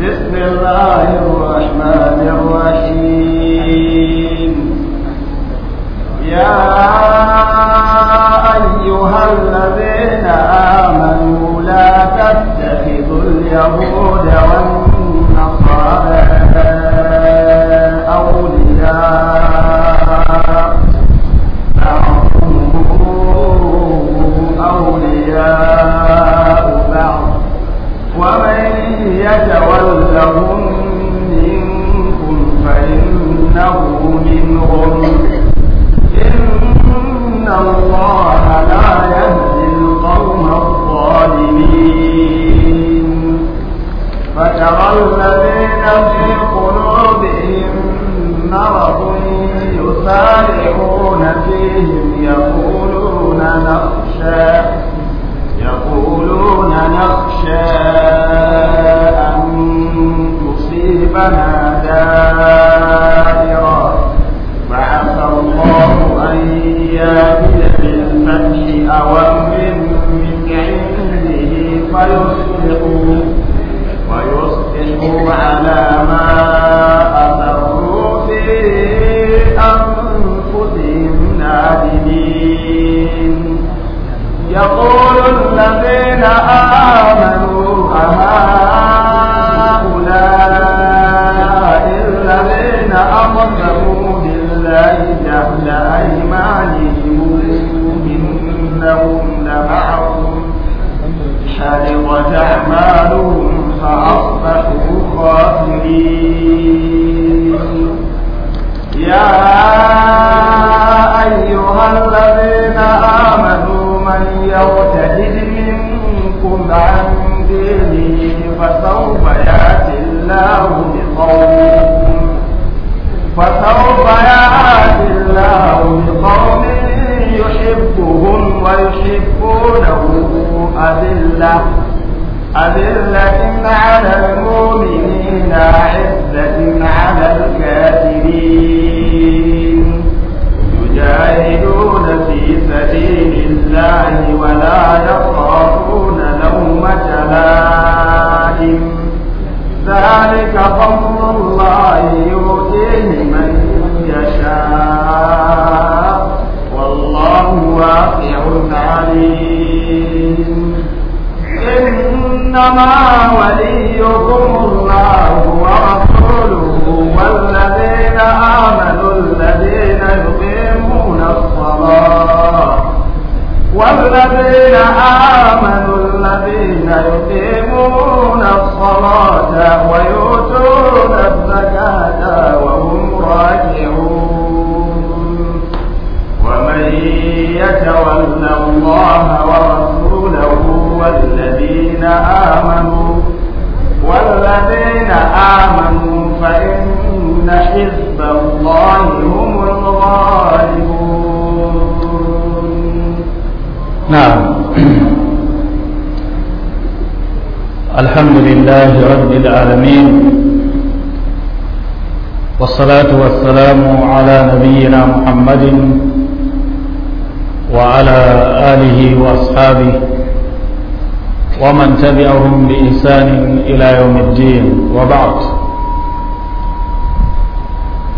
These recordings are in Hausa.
بسم الله الرحمن الرحيم يا أيها الذين آمنوا لا تتخذوا اليهود أهؤلاء الذين أقسموا بالله جهل أيمانهم إنهم لمعهم حرقت أعمالهم فأصبحوا خاسرين يا أيها الذين آمنوا من يرتد يضلكم عن دينه فسوف يأتي الله بقوم فسوف يأتي الله بقوم يحبهم ويحبونه أذلة أذلة على المؤمنين عزة على الكافرين يجاهدون في سبيل الله ولا يخافون لومة لائم ذلك فضل الله يؤتيه من يشاء والله واسع عليم إنما وليكم الله ورسوله والذين آمنوا الذين يقيمون الصلاة والذين آمنوا الذين يقيمون الصلاة ويؤتون الزكاة وهم راجعون ومن يتول الله ورسوله والذين آمنوا والذين آمنوا فإن حزب الله هم الغالبون نعم الحمد لله رب العالمين والصلاة والسلام على نبينا محمد وعلى آله وأصحابه ومن تبعهم بإحسان إلى يوم الدين وبعد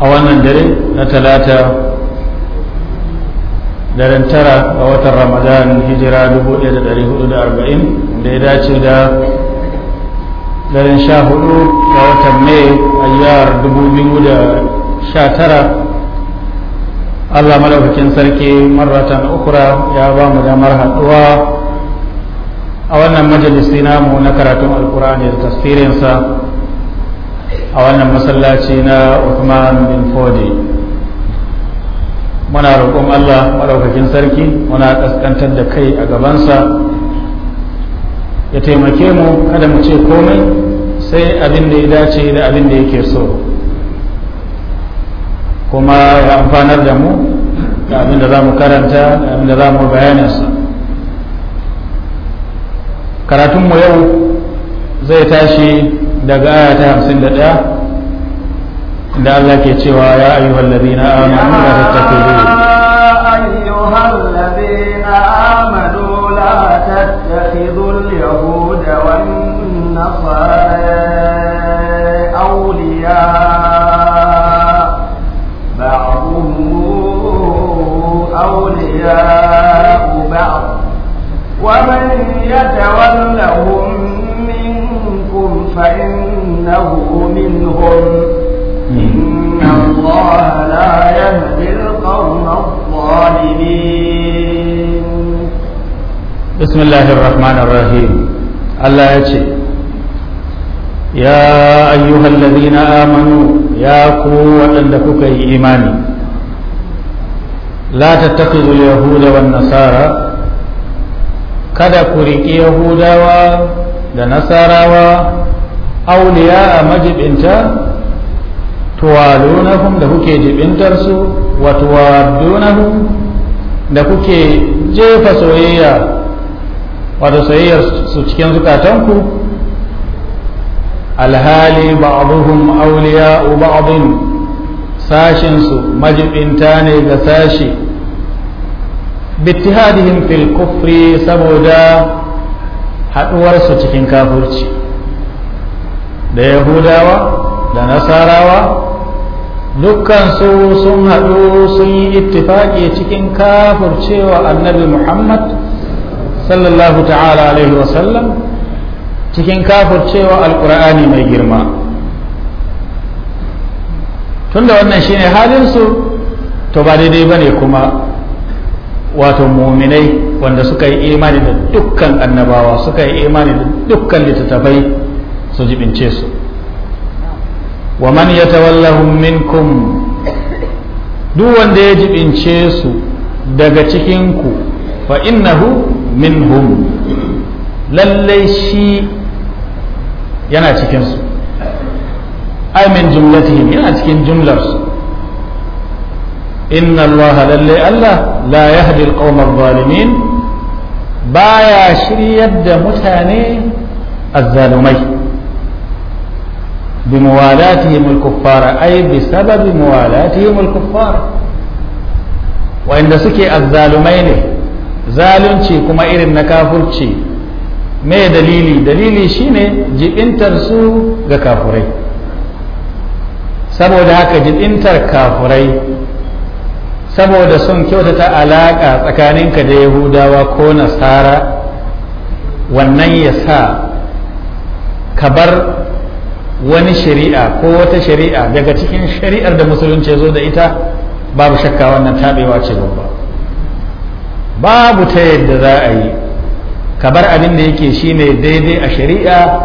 أولا دري نتلاتة daren tara a watan ramadan hijira 1440 da ya dace da daren sha hudu a watan mai ayyar 2019 allah madaukakin sarki maratan ukura ya ba mu damar haduwa a wannan majalisi namu na karatun alkur'ani da tasirinsa a wannan masallaci na Uthman bin Fodi muna roƙon Allah maɗaukakin sarki muna ƙasƙantar da kai a gabansa ya taimake mu kada mu ce komai sai abin da ya dace da abin da yake so kuma ya amfanar da mu da abin da za mu karanta da abin da za mu bayaninsa karatunmu yau zai tashi daga aya ta hamsin da ɗaya da Allah ke cewa ya ayyuhal ladina amanu la tattakhidhu ayyuhal ladina amanu la tattakhidhu al-yahud wan nasara awliya ba'dhum awliya ba'd wa man yatawallahum minkum fa innahu minhum إن الله لا يهدي القوم الظالمين بسم الله الرحمن الرحيم الله يجي يا أيها الذين آمنوا يا قوة لكك إيماني لا تتخذوا اليهود والنصارى kada ku riƙi yahudawa da nasarawa auliya a majibinta tuwalunahum da kuke jibintar su wa tuwadunahum da kuke jefa soyayya wato soyayyar su cikin zukatanku alhali ba'dhum awliya'u ba'dhin sashin su majibinta ne ga sashi bittihadihim fil kufri saboda haduwar su cikin kafirci da yahudawa da nasarawa dukkansu sun haɗu sun yi ittifaƙi cikin kafurcewa annabi muhammad sallallahu ta'ala alaihi wasallam cikin kafurcewa alƙur'ani mai girma tunda wannan shine halinsu to ba daidai ba ne kuma wato muminai wanda suka yi imani da dukkan annabawa suka yi imani da dukkan littattafai su jibince su wa man yatawallahum duk wanda ya jibince su daga cikinku fa innahu minhum lallai shi yana cikinsu ai min jumlatihim yana cikin jumlarsu inna allaha lallai allah la yahdi alqawma adh-dhalimin baya shiryar da mutane azzalumai بموالاتهم الكفار أي بسبب موالاتهم الكفار وإن سكي الظالمين zalunci kuma irin na kafurci me dalili dalili shine jibintar su ga kafurai saboda haka jibintar kafurai saboda sun kyautata alaƙa tsakaninka da yahudawa ko nasara wannan ya sa ka bar wani shari'a ko wata shari'a daga cikin shari'ar da musulunci ya zo da ita babu shakka wannan taɓewa ce babba babu ta yadda za a yi ka bar abin da yake shine daidai a shari'a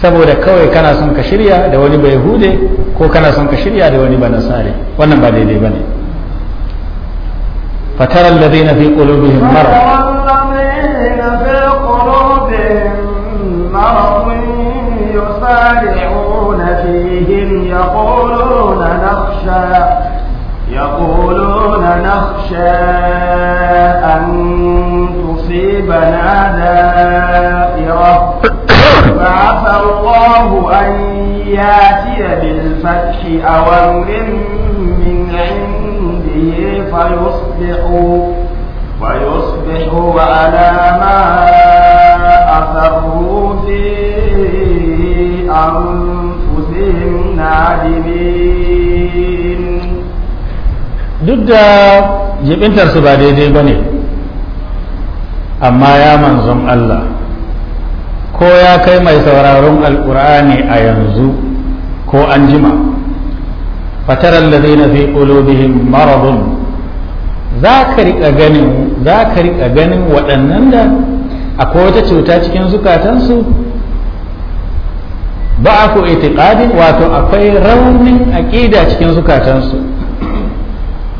saboda kawai kana son ka shirya da wani bai hude ko kana son ka shirya da wani banasare wannan ba daidai ba ne فترى الذين في قلوبهم مرض يسارعون فيهم يقولون نخشى يقولون نخشى أن تصيبنا دائرة فعفى الله أن ياتي بالفتح أو أمر من عنده فيصبحوا فيصبحوا على ما duk da jibintarsu ba daidai ba ne amma ya manzon Allah ko ya kai mai sauraron alkur'ani a yanzu ko an jima fataran da zai fi ƙulobihin maradun za za ka riƙa ganin waɗannan da akwai wata cuta cikin zukatansu ba ku itiqadin wato akwai raunin aqida cikin zukatansu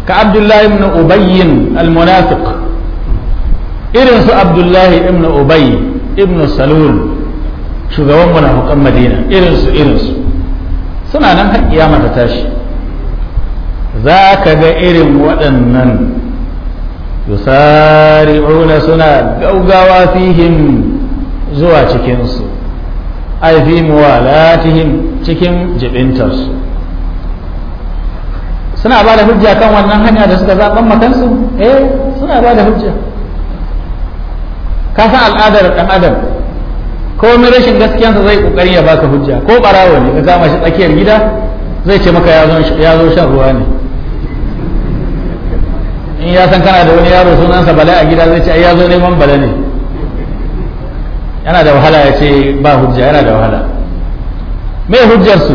ka abdullahi ibn ubayyin almunafiq irin su abdullahi ibn ubay ibn salul shugaban munafiqan madina irin su irin su suna nan har kiyama ta tashi za ka ga irin waɗannan yusari'una suna gaugawa fihim zuwa cikinsu ai fi muwalatihim cikin jibintarsu suna ba da hujja kan wannan hanya da suka zaɓan makansu eh suna ba da hujja ka san al'adar ɗan adam ko mai rashin gaskiyansa zai ƙoƙari ya baka hujja ko ɓarawo ne ka kama shi tsakiyar gida zai ce maka ya zo shan ruwa ne in ya san kana da wani yaro sunansa bala a gida zai ce ai ya zo neman bala ne yana da wahala ya ce ba hujja yana da wahala mai hujjarsu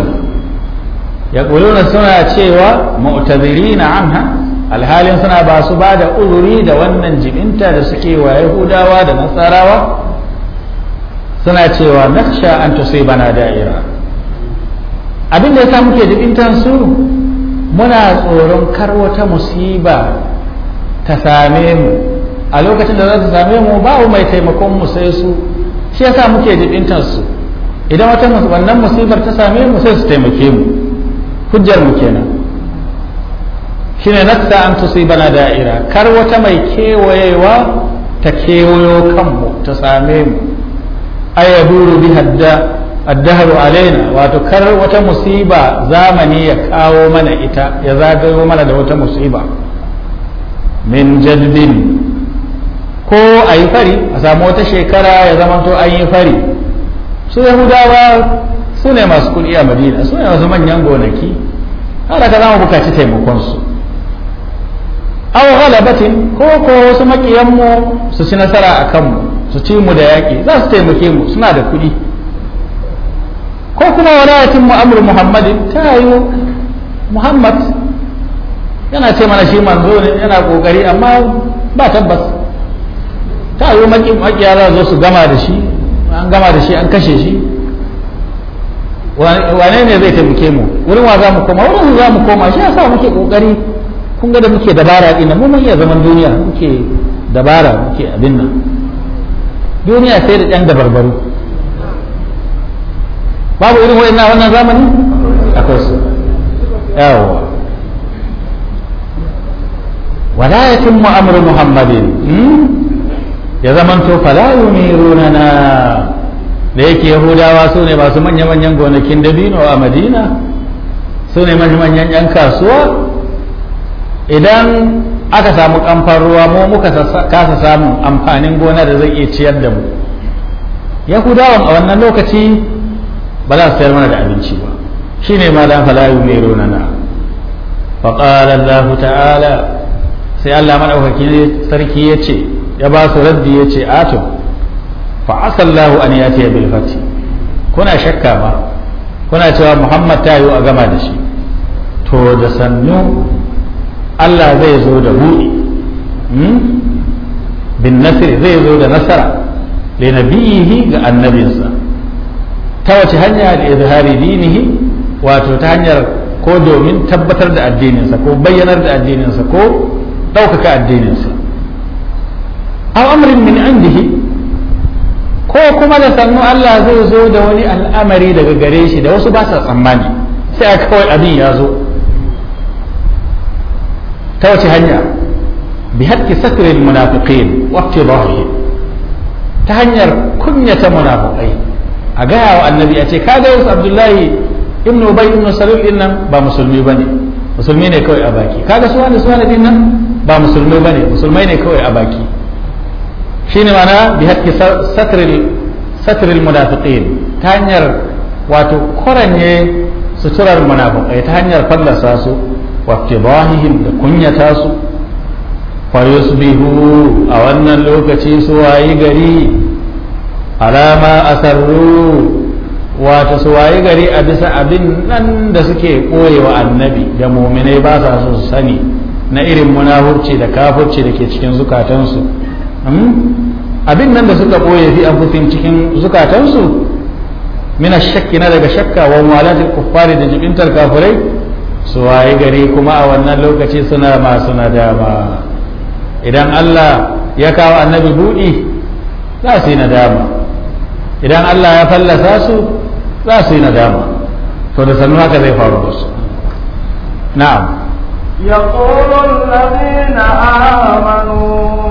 ya ƙuluna suna cewa ma'utabiri na anha alhalin suna ba su ba da uzuri da wannan jibinta da suke wa hudawa da nasarawa suna cewa naksha an bana da'ira abin da ya sa muke jibintan su muna tsoron kar wata musiba ta same mu a lokacin da za ta same mu babu mai taimakon mu sai su shi yasa muke jibintar su idan wata wannan musibar ta same mu sai su taimake mu hujjar mu kenan shine nasta an tusibana da'ira kar wata mai kewayewa ta kewayo kanmu ta same mu ayaduru biha addaharu alaina wato kar wata musiba zamani ya kawo mana ita ya zagayo mana da wata musiba min ko a yi fari a samu wata shekara ya zama to an yi fari su yahudawa su ne masu kuɗi a madina su ne masu manyan gonaki har aka zama bukaci taimakonsu aw ghalabatin ko ko wasu makiyanmu su ci nasara a kanmu su ci mu da yaƙi za su taimake mu suna da kuɗi ko kuma walayatin mu'amur muhammadin ta yi muhammad yana ce mana shi manzo ne yana ƙoƙari amma ba tabbas ta yi makin makiya za zo su gama da shi an gama da shi an kashe shi wane ne zai taimake mu wurin wa za mu koma wurin za mu koma shi yasa muke kokari kun ga da muke dabara ina mu mun iya zaman duniya muke dabara muke abin nan duniya sai da ɗan dabarbaru babu irin 'Ina wannan zamani akwai su yawa ولا يتم أمر محمد ya zamanto fala yumirunana da yake yahudawa su ne masu manya-manyan gonakin dabino a madina su ne manya-manyan 'yan kasuwa idan aka samu kamfan ruwa mu muka kasa samun amfanin gona da zai iya ciyar da mu yahudawa a wannan lokaci ba za su sayar mana da abinci ba shi ne ma dan falayu mai ronana faƙalar Allah ta'ala sai Allah maɗaukakin sarki ya ya ba su raddi ya ce ato fa asallahu an ya bil fati kuna shakka ma kuna cewa muhammad ta yi a gama da shi to da sannu allah zai zo da buɗi hmm? bin nasiri zai zo da nasara linabiyihi ga annabinsa ta wace hanya da izhari dinihi wato ta hanyar ko domin tabbatar da addininsa ko bayyanar da addininsa ko ɗaukaka addininsa aw amrin min indihi ko kuma da sannu Allah zai zo da wani al'amari daga gare shi da wasu ba sa tsammani sai a kawai abin ya zo ta wace hanya bi hakki satrin munafiqin wa iqtidahihim ta hanyar kunyata munafiqai a gaya wa annabi a ce ka ga wasu abdullahi ibnu ubay ibnu salul din nan ba musulmi bane musulmi ne kawai a baki kaga su wani su wani din nan ba musulmi bane musulmai ne kawai a baki shine mana bi haqqi satril satril ta hanyar wato koranye suturar munafiqai ta hanyar fallasa su wa tibahihim da kunyata su fa yusbihu a wannan lokaci su wayi gari alama asarru wato su wayi gari a bisa abin nan da suke wa annabi da muminai ba sa so su sani na irin munafurci da kafurci da ke cikin zukatansu Hmm? abin nan da suka boye fi anfusihim cikin zukatansu mina shakki na daga shakka wa muwalatil kuffari da jibintar kafirai su waye gari kuma a wannan lokaci suna masu nadama idan Allah ya kawo annabi buɗi za su yi nadama idan Allah ya fallasa su za su yi nadama to da sannu haka zai faru da su na'am يقول الذين آمنوا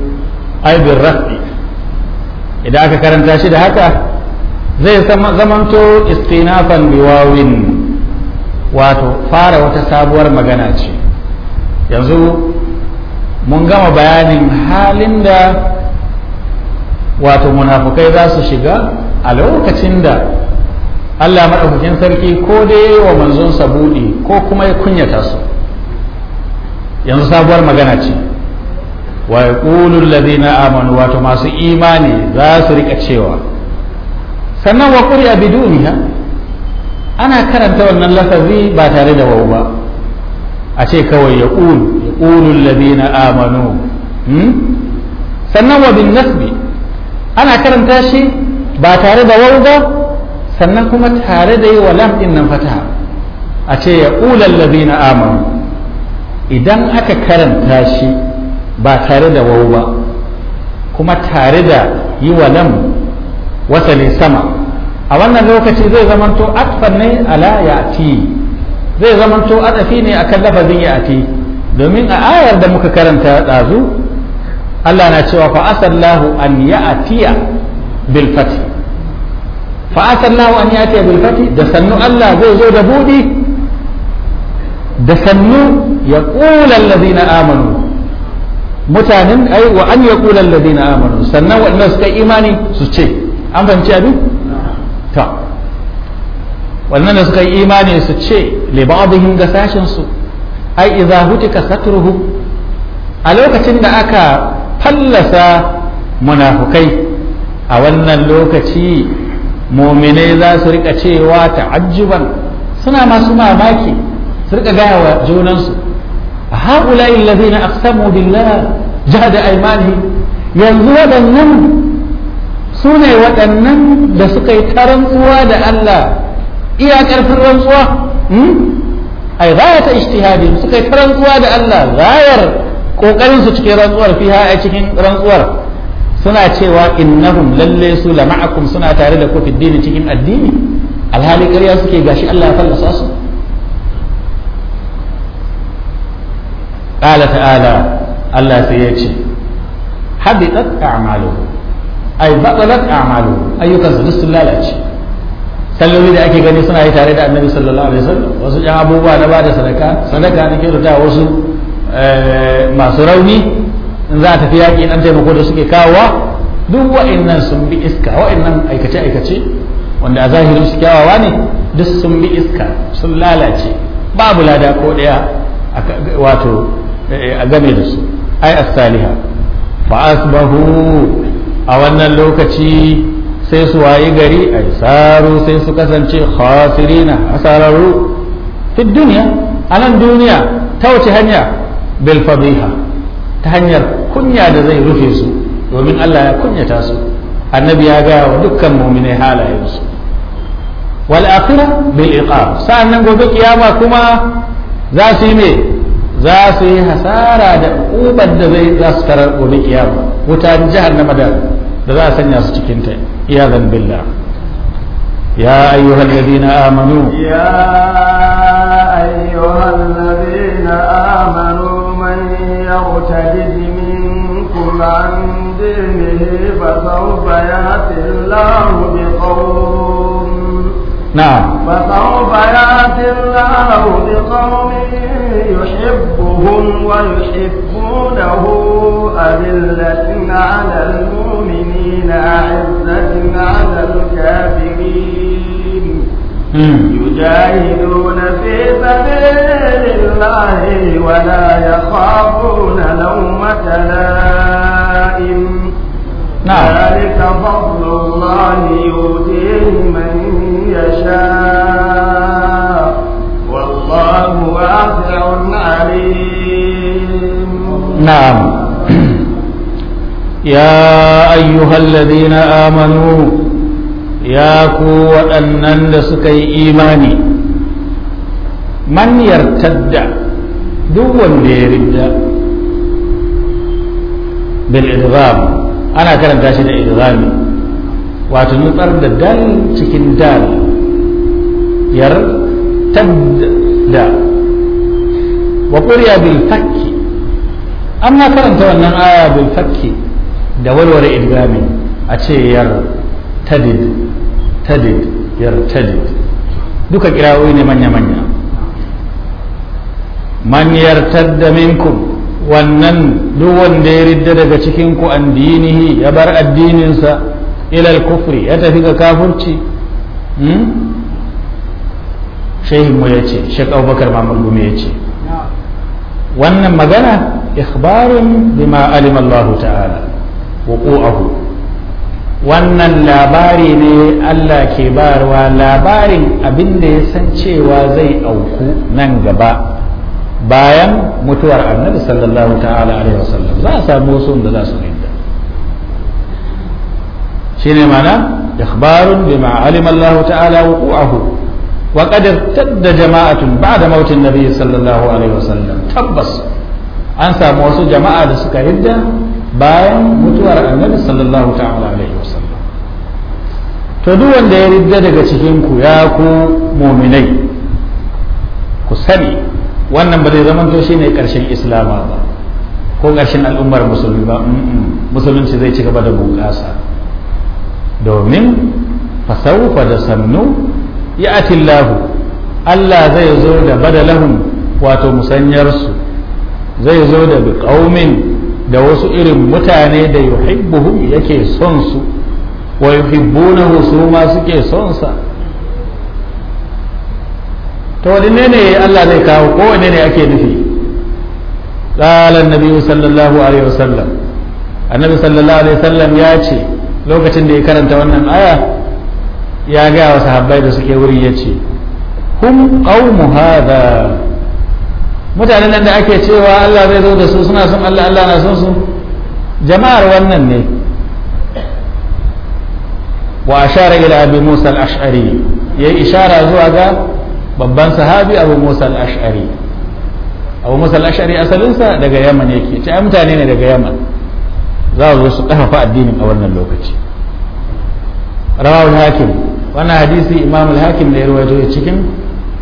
ay bil rafi idan aka karanta shi da haka zai zamanto istinafan biwawin wato fara wata sabuwar magana ce yanzu mun gama bayanin halin da wato munafukai za su shiga a lokacin da Allah maɗaukakin sarki ko dai wa manzonsa buɗe ko kuma ya kunyata su yanzu sabuwar magana ce wa yaqulu alladhina amanu wato masu imani za su rika cewa sannan wa quri'a biduniha ana karanta wannan lafazi ba tare da wau ba a ce kawai ya yaqulu alladhina amanu hmm? sannan wa bin nasbi ana karanta shi ba tare da wau ba sannan kuma tare da yi wa lam din nan fataha a ce ya yaqulu alladhina amanu idan aka karanta shi ba tare da wau ba kuma tare da yi wa lam wasalin sama a wannan lokaci zai zamanto atfan ne ala ya'ti zai zamanto atafi ne akan lafazin ya'ti domin a ayar da muka karanta ɗazu Allah na cewa fa asallahu an ya'tiya bil bilfati fa an ya'tiya bil bilfati da sannu Allah zai zo da budi da sannu ya ƙulallazi na amanu mutanen ai wa an yaqula alladhina amanu sannan waɗanda suka imani su ce an fahimci abin ta wannan da suka yi imani su ce li ba'dihim ga sashin su ai idza hutika satruhu a lokacin da aka fallasa munafukai a wannan lokaci muminai za su rika cewa ta'ajjuban suna masu mamaki su rika gaya wa junansu هؤلاء الذين أقسموا بالله جهد أيمانهم yanzu waɗannan su ne waɗannan da suka yi da Allah iya ƙarfin rantsuwa ai za ta ishtihadi suka yi ta rantsuwa da Allah zayar ƙoƙarinsu cikin rantsuwar fiha a cikin rantsuwar suna cewa innahum lalle su la ma'akum suna tare da kofin fi cikin addini alhali ƙarya suke gashi Allah ya fallasa su qala ala Allah sai ya ce haɗi habitat a'maluhum ay batalat a'maluhum ayyukan su sun lalace salloli da ake gani suna yi tare da annabi sallallahu alaihi wasallam wasu jan abubuwa na da sadaka sadaka nake da wasu masu rauni in za a tafi yaƙi ɗan taimako da suke kawowa duk wa'in nan sun bi iska wa'in nan aikace-aikace wanda a zahirin su kyawawa ne duk sun bi iska sun lalace babu lada ko ɗaya wato Eh, a game da su ai as-saliha fa asbahu a wannan lokaci sai su wayi gari ai saru sai su kasance khasirina asararu fi duniya duniya ta wace hanya bil fadiha ta hanyar kunya da zai rufe su domin Allah ya kunyata su annabi ya gaya wa dukkan mu'minai halayensu wal akhirah bil iqab nan gobe kiyama kuma za su yi me za su yi hasara da ubar da zai za su tarar gobe kiyama wuta jahannama da da za a sanya su cikin ta iyazan billah ya ayyuhal ladina amanu ya ayyuhal ladina amanu man yartajid minkum an dinihi fa sawfa yati Allahu biqawm na'am fa sawfa yati Allahu biqawmin يحبهم ويحبونه أذلة على المؤمنين أعزة على الكافرين يجاهدون في سبيل الله ولا يخافون لومة لائم نعم. ذلك فضل الله يؤتيه من يشاء نعم يا أيها الذين آمنوا يا كو أنن سكي إيماني من يرتد دون يرد بالإدغام أنا كلام تاشد إدغامي واتنطر دل تكن دال يرتد دال wa quriya bil fakki amma karanta wannan aya bil fakki da warware idgami a ce yar tadid tadid yar tadid duka kirawoyi ne manya manya man yartadda minkum wannan duk wanda ya ridda daga cikin ku an ya bar addininsa ilal kufri ya tafi ga kafirci hmm? shehin mu ya ce shek abubakar mamun gumi ya ce wannan magana ikhbarun bima alim Allah ta'ala wuqu'ahu wannan labari ne Allah ke barwa labarin abin da ya san cewa zai auku nan gaba bayan mutuwar annabi sallallahu ta'ala alaihi wasallam za a samu wasu da za su rinda shine mana ikhbarun bima alim Allah ta'ala wuqu'ahu وقد ارتد جماعة بعد موت النبي صلى الله عليه وسلم تبس an samu wasu jama'a da suka hidda bayan mutuwar annabi sallallahu ta'ala alaihi wasallam to duk wanda ya ridda daga cikin ku ya ku muminai ku sani wannan ba zai zama to shine karshen islama ba ko karshen al'ummar musulmi ba musulunci zai ci gaba da bunƙasa domin fasawfa da sannu ya'ti Allah Allah zai zo da badalahum wato musanyarsu zai zo da biƙaumin da wasu irin mutane da yuhibbuhum yake son su wa yuhibbunahu su ma suke son sa to wanne ne Allah zai kawo ko wanne ne ake nufi qala annabi sallallahu alaihi wasallam annabi sallallahu alaihi wasallam ya ce lokacin da ya karanta wannan aya ya ga wa sahabbai da suke wuri ya ce hum ƙaunu hadha mutanen nan da ake cewa Allah zai zo da su suna son Allah Allah na son su jama'ar wannan ne wa ashara ila abi Musa al-Ash'ari yi ishara zuwa ga babban sahabi Abu Musa al-Ash'ari Abu Musa al-Ash'ari asalinsa daga Yaman yake ce mutane ne daga Yaman za su su kafafa addinin a wannan lokaci rawahu hakim wannan hadisi imam al-hakim ne ya rawaito cikin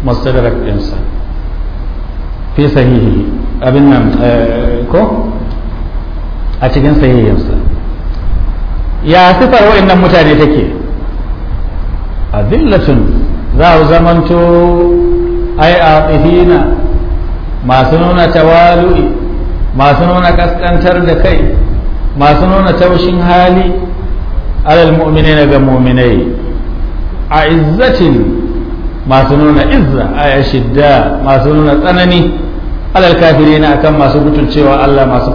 mustadrak ɗinsa fi sahihi abin nan eh, ko a cikin sahihinsa ya sifar wa'annan mutane take adillatun za a zamanto ai a masu nuna tawalu'i masu nuna kaskantar da kai masu nuna taushin hali alal mu'minina ga mu'minai a izzatin masu nuna izza a shidda masu nuna tsanani alal kafiri na akan masu mutuncewa Allah masu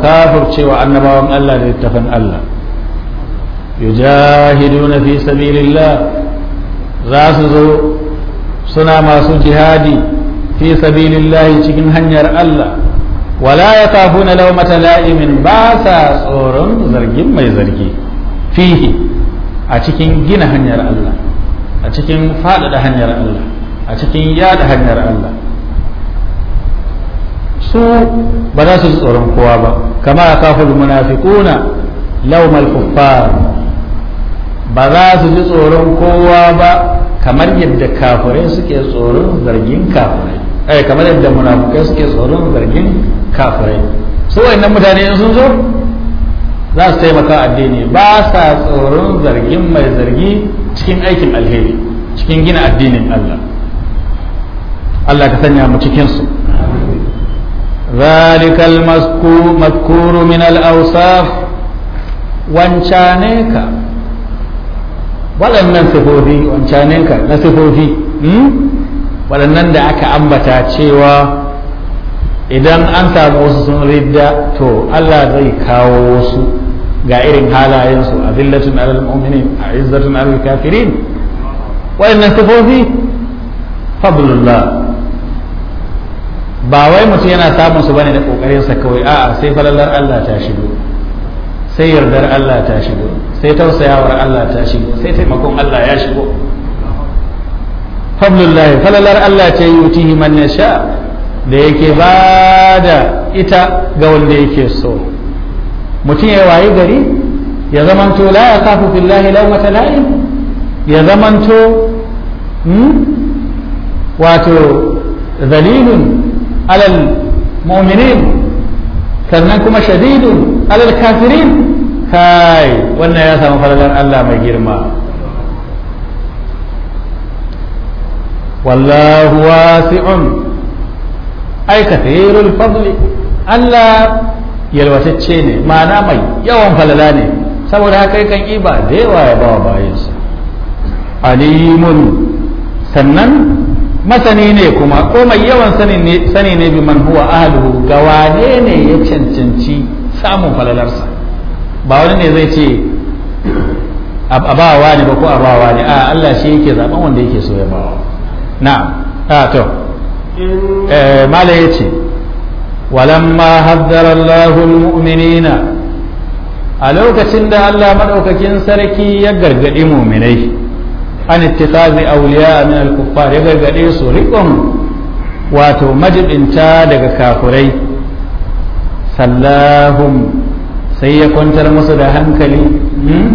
cewa annabawan Allah da littafin Allah yujahiduna fi sabilillah za su zo suna masu jihadi fi sabilillah cikin hanyar Allah wala ya kafuna laumata la'imin ba sa tsoron zargin mai zargi fihi a cikin gina hanyar Allah a cikin faɗaɗa hanyar Allah a cikin yada hanyar Allah su ba za su tsoron kowa ba kama a kafin munafikuna laumar kuffar ba za su ji tsoron kowa ba kamar yadda kafirai suke tsoron zargin kafirai ai eh, kamar yadda munafikai suke tsoron zargin kafirai su wayannan mutane sun zo za su taimaka addini ba sa tsoron zargin mai zargi cikin aikin alheri cikin gina addinin Allah Allah ka sanya mu cikin su zalikal mazkuru min al-awsaf wancane ka waɗannan sifofi wancane ka na sifofi hmm? waɗannan da aka ambata cewa idan an samu wasu sun ridda to Allah zai kawo wasu ga irin halayensu azillatun alal mu'minin aizzatin alal kafirin wa'annan sifofi fadlullah ba wai mutum yana samun su bane da kokarin sa kawai a'a sai falalar Allah ta shigo sai yardar Allah ta shigo sai tausayawar Allah ta shigo sai taimakon Allah ya shigo fadlullah falalar Allah ce yutihi man yasha da yake bada ita ga wanda yake so mutum ya waye gari ya zamanto la ya kafu billahi wata la'in ya zamanto wato zalilun alal mu'minin sannan kuma shadidun alal kafirin kai wannan ya samu falalar Allah mai girma wallahu wasi'un ai kathirul fadli Allah yalwatacce ne ma'ana mai yawan falala ne saboda haka yakan iba da yawa ya bawa bayansa alimun sannan masani ne kuma ko mai yawan sani ne bi man huwa ahluhu ga wane ne ya cancanci samun falalarsa ba wani ne zai ce a bawa ne ba ko a bawa ne a Allah shi yake zaben wanda yake so ya bawa na ta to eh, malai ya walamma haddara Allahu almu'minina a lokacin da Allah madaukakin sarki ya gargaɗi mu'minai an ittikhadhi awliya min al-kuffar ya gargade su riƙon wato majibinta daga kafurai sallahum sai ya kwantar musu da hankali hmm?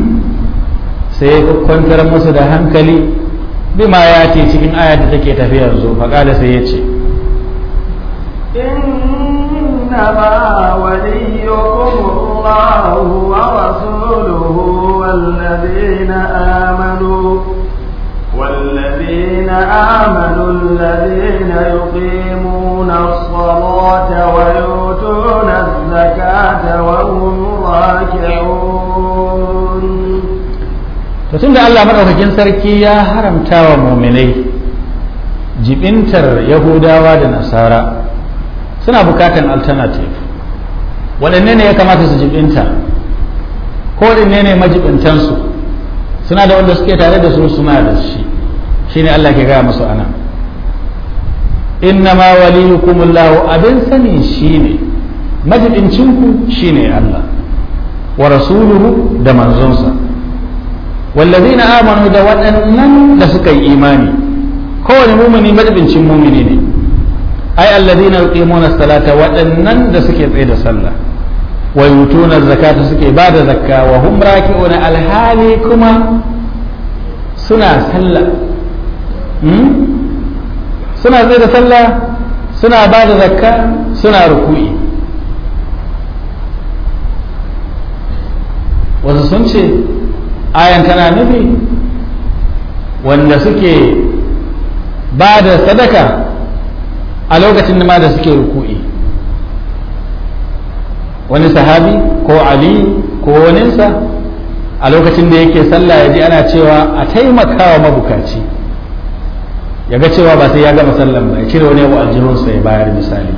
sai ya kwantar musu da hankali bima ya ce cikin ayat da take tafiya yanzu faƙala sai ya ce إنما وليكم الله ورسوله والذين آمنوا والذين آمنوا الذين يقيمون الصلاة ويؤتون الزكاة وهم راكعون فتند الله مرة جنسركي يا هرم تاوى مؤمني جبنتر يهودا ودنسارا suna bukatan alternative waɗanne ne ya kamata su jibinta ko waɗanne ne majibintansu suna da wanda suke tare da su suna da shi shine Allah ke gaya masu ana innama Allah abin sani shine majibincinku shine Allah wa rasuluhu da manzonsa wallazina amanu da waɗannan da suka yi imani kowane mumini majibincin mumini ne ai alladhina yuqimuna salata waɗannan da suke tsaye da sallah wa yutuna zakata suke ba da zakka wa hum raki'una alhali kuma suna sallah hmm? suna tsaye da sallah suna ba da zakka suna ruku'i wasu sun ce ayan tana nufi wanda suke ba da sadaka a lokacin ma da suke ruku'i wani sahabi ko ali ko waninsa a lokacin da yake sallah ya ji ana cewa a taimaka wa mabukaci ya ga cewa ba sai ya gama sallan ba ya cire wani abu aljihunsa ya bayar misali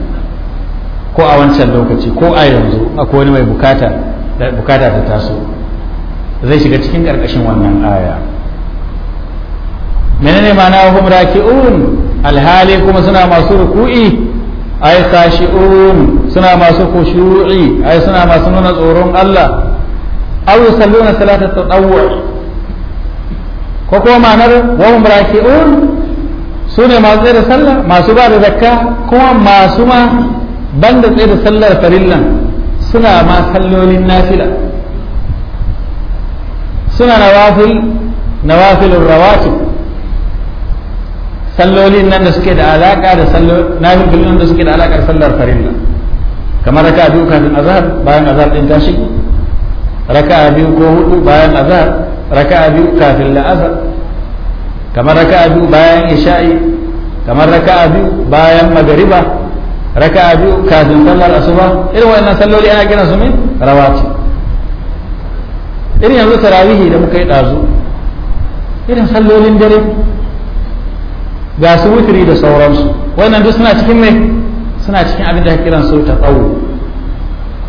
ko a wancan lokaci ko a yanzu akwai wani mai bukata bukata ta taso zai shiga cikin ƙarƙashin wannan aya menene ma'ana hum raki'un alhali kuma suna masu ruku'i ay khashi'un suna masu khushu'i ay suna masu nuna tsoron Allah aw yusalluna salata tatawwu ko kuma ma'anar wa hum raki'un sune masu tsaye da sallah masu ba da zakka kuma masu ma banda tsaye da sallar farillan suna ma sallolin nafila suna nawafil nawafilur rawatib sallolin nan da suke da alaka da sallolin nan da suke da alaka da sallar farilla kamar raka biyu kafin azhar bayan azhar din ta shigo raka biyu ko hudu bayan azhar raka biyu kafin la'azhar kamar raka biyu bayan isha'i kamar raka biyu bayan magariba raka biyu kafin sallar asuba irin wannan salloli ana kiran su min rawati irin yanzu tarawihi da muka yi dazu irin sallolin dare ga su wutiri da sauransu wannan duk suna cikin mai suna cikin abin da kiran su ta tsawo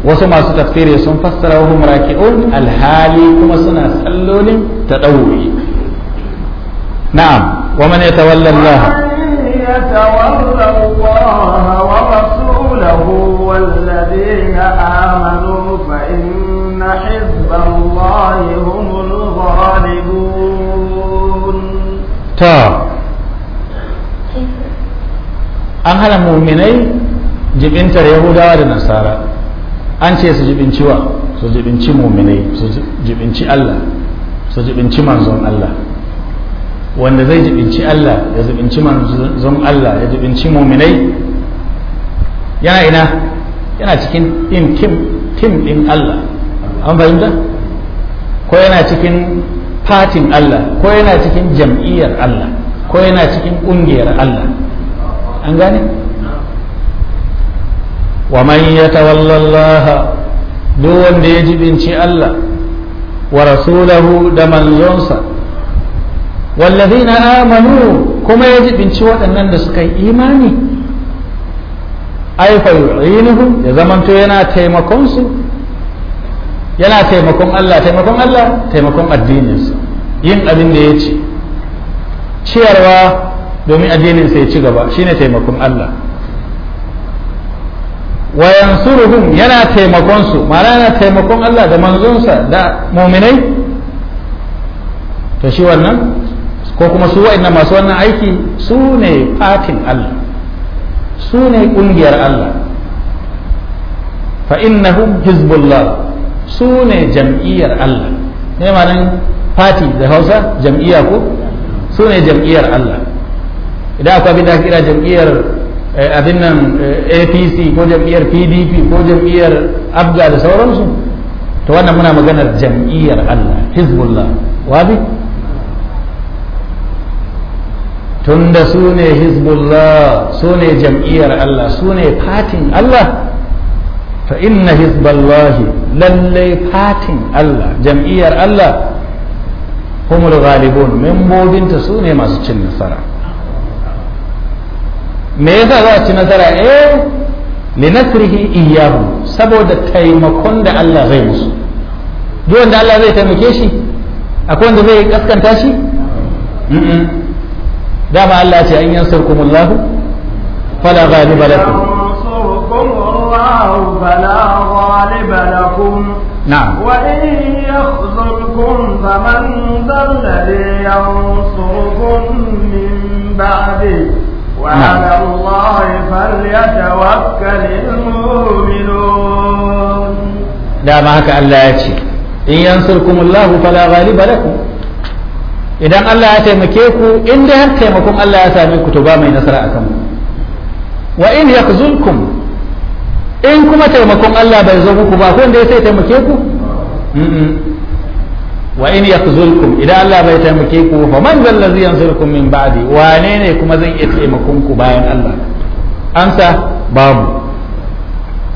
wasu masu tafsiri sun fassara wa muraki'un alhali kuma suna sallolin ta ɗauri na'am wa man yatawalla Allah yatawalla Allah wa rasulahu walladheena amanu fa an hana muminai jibintar yahudawa da nasara an ce su jibinci wa su jibinci muminai su jibinci allah su jibinci manzon allah wanda zai jibinci allah ya jibinci manzon allah ya jibinci muminai yana ina yana cikin in tim din allah an fahimta ko yana cikin fatin allah ko yana cikin jam'iyyar allah ko yana cikin ƙungiyar allah an gane wa man yatawalla Allah duk wanda ya jibinci Allah wa rasulahu da manzonsa wallazina amanu kuma ya jibinci waɗannan da suka yi imani ai fa yu'inuhum ya zamanto yana taimakon su yana taimakon Allah taimakon Allah taimakon addininsa yin abin da ya ce ciyarwa domin addinin sai ci gaba shine taimakon Allah wa yansuruhum yana taimakon su ma'ana yana taimakon Allah da manzonsa da muminai to shi wannan ko kuma su wa'in masu wannan aiki su ne fatin Allah su ne ƙungiyar Allah fa innahum hizbullah su ne jam'iyyar Allah ne nan fati da hausa jam'iyya ko su ne jam'iyyar Allah idan akwai abin da kira jam'iyyar eh, abin nan eh, apc ko jam'iyyar pdp ko jam'iyyar abga da sauransu to wannan muna maganar jam'iyyar allah hizbullah wabi tun da su ne hizbullah su ne jam'iyyar allah su ne fatin allah fa inna hizballahi lallai fatin allah jam'iyyar allah humul ghalibun membobinta su ne masu cin nasara me yasa za a ci nasara eh linasrihi iyyahu saboda taimakon da Allah zai musu duk wanda Allah zai taimake shi akwai wanda zai kaskanta shi dama Allah ce an yansurkumullahu fala ghaliba lakum الله فلا غالب لكم نعم وإن يخذلكم فمن ذا الذي ينصركم من بعده وعلى haka Allah ya ce. In الله يأتي إن ينصركم الله فلا غالب لكم idan Allah ya taimake ku in dai har taimakon Allah ya same ku to ba mai nasara a kanku wa in yakzulkum in kuma taimakon Allah bai zo muku ba ko wanda sai taimake ku wa in yakhzulkum idan Allah bai taimake ku fa man zal ladzi yansurkum min ba'di wane ne kuma zan iya taimakon ku bayan Allah amsa babu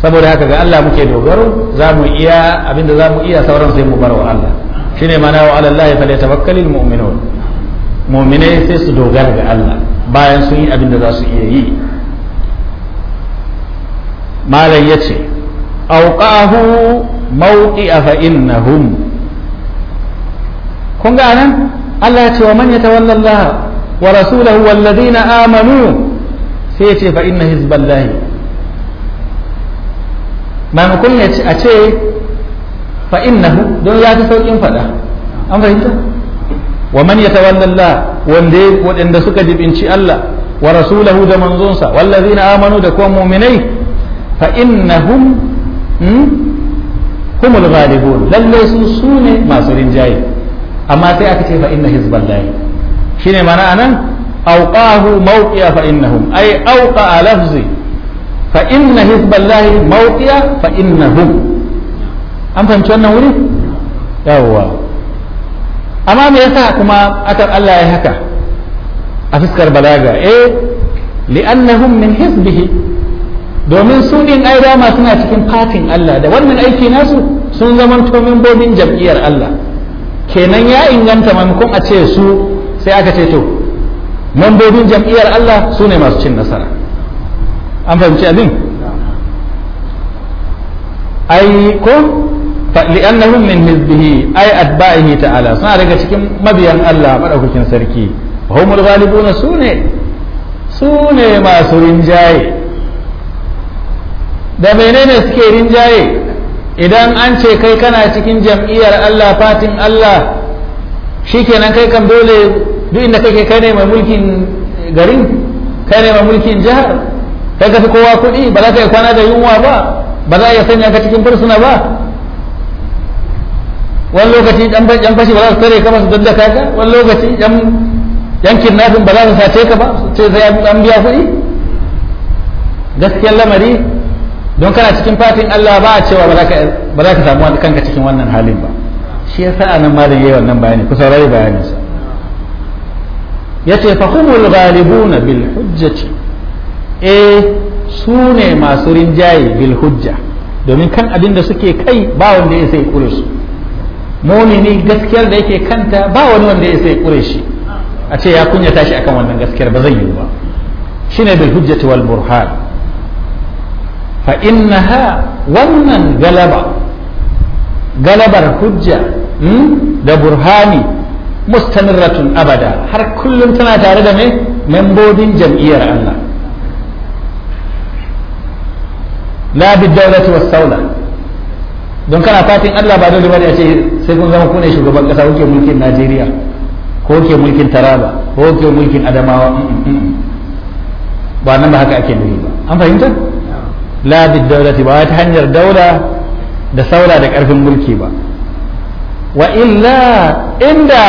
saboda haka ga Allah muke dogaro za mu iya abinda za mu iya sauran sai mu bar wa Allah shine mana wa ala Allah falyatawakkalul mu'minun mu'mine sai su dogara ga Allah bayan sun yi abinda za su iya yi malam yace auqahu mawqi'a fa innahum kun ga nan Allah ya ce wa man yatawalla Allah wa rasulahu wal ladina amanu sai ya ce fa inna hizballahi maimakon ya ce a ce fa innahu don ya fi saukin fada an fahimta wa man yatawalla Allah wanda waɗanda suka jibinci Allah wa rasulahu da manzonsa wal ladina amanu da kuma mu'minai fa innahum hmm, humul ghalibun lallai su sune masu rinjaye amma sai aka ce fa inna hizballahi shine mana anan awqahu mawqiya fa innahum ay awqa lafzi fa inna hizballahi mawqiya fa innahum an fahimci wannan wuri yawwa amma me yasa kuma akan Allah ya haka a fuskar balaga eh li'annahum min hizbihi domin su din ai dama suna cikin fatin Allah da wannan aiki nasu sun zamanto membobin jam'iyyar Allah kenan ya inganta maimakon a ce su sai aka ce to mambobin jam'iyyar Allah su ne masu cin nasara an fahimci abin ai ko li'annahum min hizbihi ai atba'ihi ta'ala suna daga cikin mabiyan Allah madaukakin sarki humul ghalibuna su ne su ne masu rinjaye da menene suke rinjaye idan an ce kai kana cikin jam'iyyar Allah fatin Allah shikenan kai kan dole duk inda kake kai ne mai mulkin garin kai ne mai mulkin jihar kai ka fi kowa kuɗi ba za ka yi kwana da yunwa ba ba za a iya sanya ka cikin fursuna ba wani lokaci yan fashi ba za su tare kama su daddaka ka wani lokaci yan kidnapping ba za su sace ka ba ce sai an biya kuɗi gaskiyar lamari don kana cikin fatin Allah ba a cewa ba za ka samu kanka cikin wannan halin ba shi ya sa anan malam yayi wannan bayani ku saurari bayanin sa yace fa humul ghalibuna bil hujjati e su ne masu rinjaye bil hujja domin kan abin da suke kai ba wanda ya sai kure su mumini gaskiyar da yake kanta ba wani wanda ya sai kure shi a ce ya kunya tashi akan wannan gaskiyar ba zai yi ba shine bil hujjati wal burhan fa ha wannan galaba galabar hujja hmm, da burhani mustamirratun abada har kullum tana tare da mai membobin jam'iyyar Allah la bidawlati was saula don kana fatin Allah ba dole bane a ce sai kun zama kune shugaban kasa kuke mulkin Najeriya ko kuke mulkin Taraba ko kuke mulkin Adamawa ba nan ba haka ake nufi ba an fahimta la bidaulati ba ta hanyar daula da saura da karfin mulki ba wa illa inda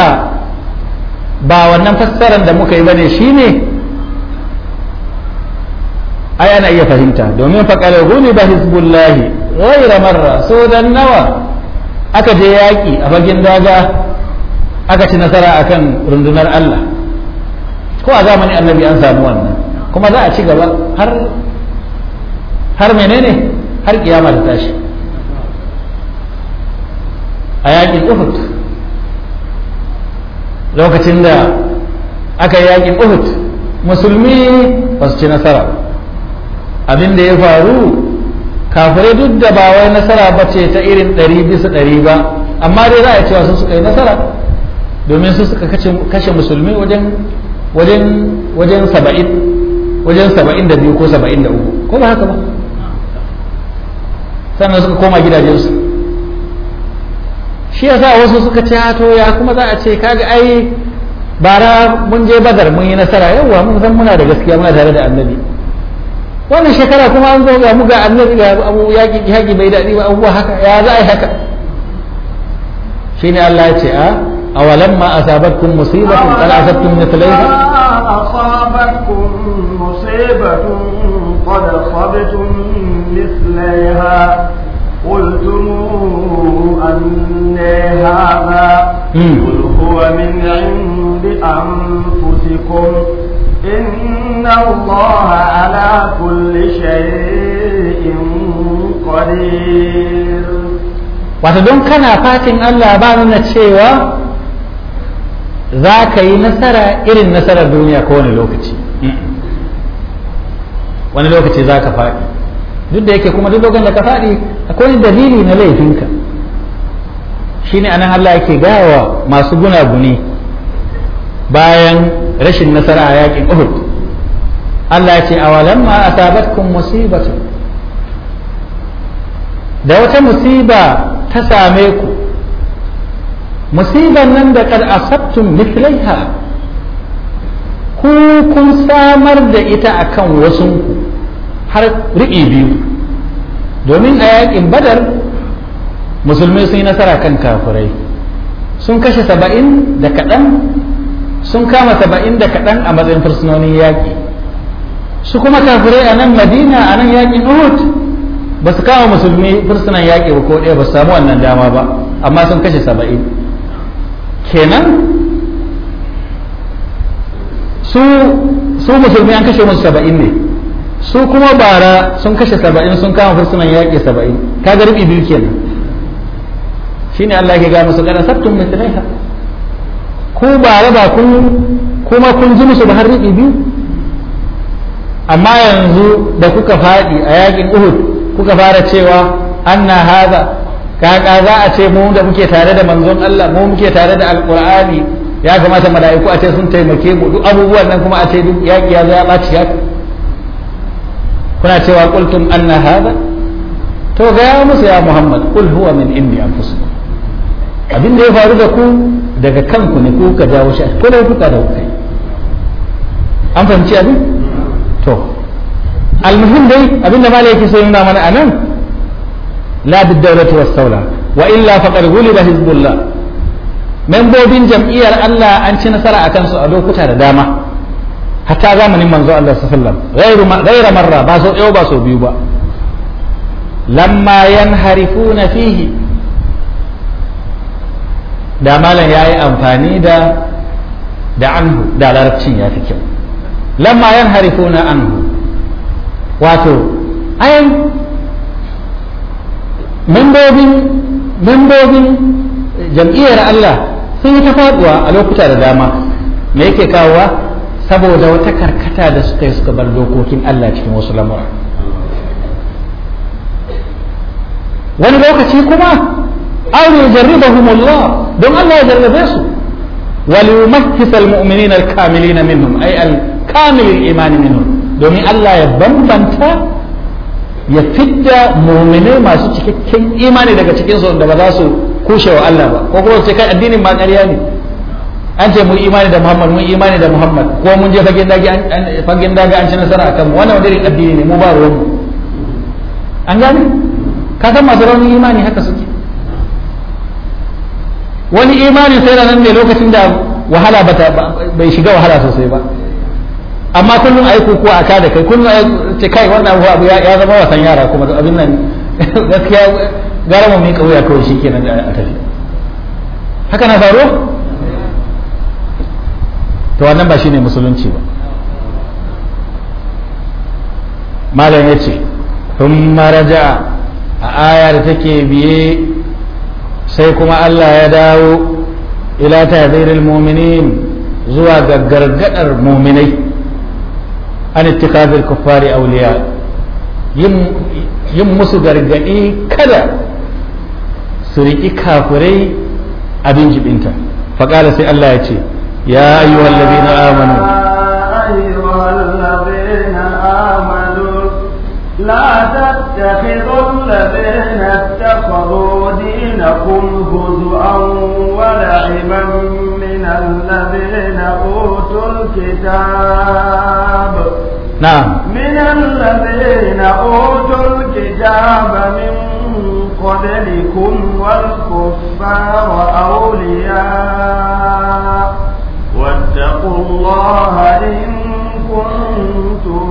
ba wannan fassarar da muka yi bane shine ai ana iya fahimta domin faƙalar guni ba hizbullahi ghaira marra so dan nawa aka je yaƙi a fagen daga aka ci nasara akan rundunar Allah ko a zamanin annabi an samu wannan kuma za a ci gaba har har menene har kiyama ta tashi a yakin uhud lokacin da aka yakin uhud musulmi ba su ci nasara abin da ya faru kafirai duk da ba wai nasara ba ce ta irin ɗari bisa ɗari ba amma dai za a cewa su suka yi nasara domin su suka kashe musulmi wajen wajen wajen saba'in wajen saba'in da biyu ko saba'in da uku ko ba haka ba sannan suka koma gidajensu shi yasa wasu suka ce ah, to ya kuma za a ce kaga ai bara mun je badar mun yi nasara yawwa mun san muna da gaskiya muna tare da annabi wannan shekara kuma an zo ga mu ga annabi ga abu yaki yaki bai daɗi ba abubuwa haka ya za a yi haka ne Allah ya ce a ah, أولما أصابتكم مصيبة قد أصبتم مثليها أصابتكم مصيبة قد أصبتم مثليها قلتم أن هذا قل هو من عند أنفسكم إن الله على كل شيء قدير kana fatin Allah ba nuna cewa za ka yi nasara irin nasarar duniya ko wani lokaci wani lokaci za ka faɗi duk da yake kuma duk lokacin da ka faɗi akwai dalili na laifinka Shi ne anan Allah yake gawa masu gunaguni bayan rashin nasara a yakin Uhud Allah ya ce a asabatkum musibatu da wata musiba ta same ku musibar nan da kad asabtum mithlaiha ku kun samar da ita akan ku har ri'i biyu domin a yakin badar musulmai sun yi nasara kan kafirai sun kashe saba'in da kaɗan sun kama saba'in da kaɗan a matsayin fursunonin yaƙi su kuma kafirai a nan madina a nan yaƙin uhud ba su kama musulmi fursunan yaƙi ba ko ɗaya ba su samu wannan dama ba amma sun kashe saba'in kenan su su musulmi an kashe musu saba'in ne su kuma bara sun kashe saba'in sun kama fursunan yaƙi saba'in ka ga rubi biyu kenan ne Allah ke ga musu sabtun sabtum mithlaiha ku bara ba kun kuma kun ji musu da har rubi biyu amma yanzu da kuka faɗi a yaƙin Uhud kuka fara cewa anna hadha kaka za a ce mu da muke tare da manzon Allah mu muke tare da alqur'ani ya kamata mala'iku a ce sun taimake mu duk abubuwan nan kuma a ce duk yaƙi ya zo ya ɓaci ya kuna cewa qultum anna hada to ga ya musu ya Muhammad qul huwa min indi anfusikum abin da ya faru da ku daga kanku ne ku ka jawo shi ko da kuka da kai an fahimci abin to almuhim dai abinda da malai yake so nuna mana anan la biddawlati was saula wa illa faqad ghuliba hizbullah membobin jam'iyyar Allah an ci nasara akan su a lokuta da dama hatta zamanin manzo Allah sallallahu alaihi wasallam marra ba so ba so biyu ba lamma yanharifuna fihi da malam yayi amfani da anhu da larabcin ya fi kyau lamma yanharifuna anhu wato ayan membobin jam'iyyar Allah sun yi ta faduwa a lokuta da dama me yake kawowa saboda wata karkata da suka yi suka bar dokokin Allah cikin wasu lamura wani lokaci kuma aure jarribahumullah don Allah ya jarrabe su وليمكس المؤمنين الكاملين منهم أي الكامل الإيمان منهم domin Allah ya bambanta ya fidda muminai masu cikakken imani daga cikin su da ba za su kushe wa Allah ba ko kuma ce kai addinin ma ƙarya ne an ce mun imani da Muhammad mun imani da Muhammad ko mun je fagen daga an fagen daga an ci nasara akan wannan wani irin addini ne mu ba ruwan mu an gane ka san masu raunin imani haka suke wani imani sai nan ne lokacin da wahala bata bai shiga wahala sosai ba amma kullum yi ko a kada kai kullum ai ce kai wannan abu ya zama wasan yara kuma abin nan gaskiya gara mu miƙa wuya kawai shikenan da a tafi haka na faru to wannan ba shine musulunci ba malam ya ce thumma maraja a ayar take biye sai kuma Allah ya dawo ila taziril mu'minin zuwa ga gargadar mu'minai an ittikhadul a awliya yin musu gargaɗi kada su riƙi kafirai abin jibinta faƙala sai Allah ya ce ya ayyuhal na amanu لا تتخذوا الذين اتخذوا دينكم هزءا ولعبا من الذين أوتوا الكتاب نعم من الذين أوتوا الكتاب من قبلكم والكفار أولياء واتقوا الله إن كنتم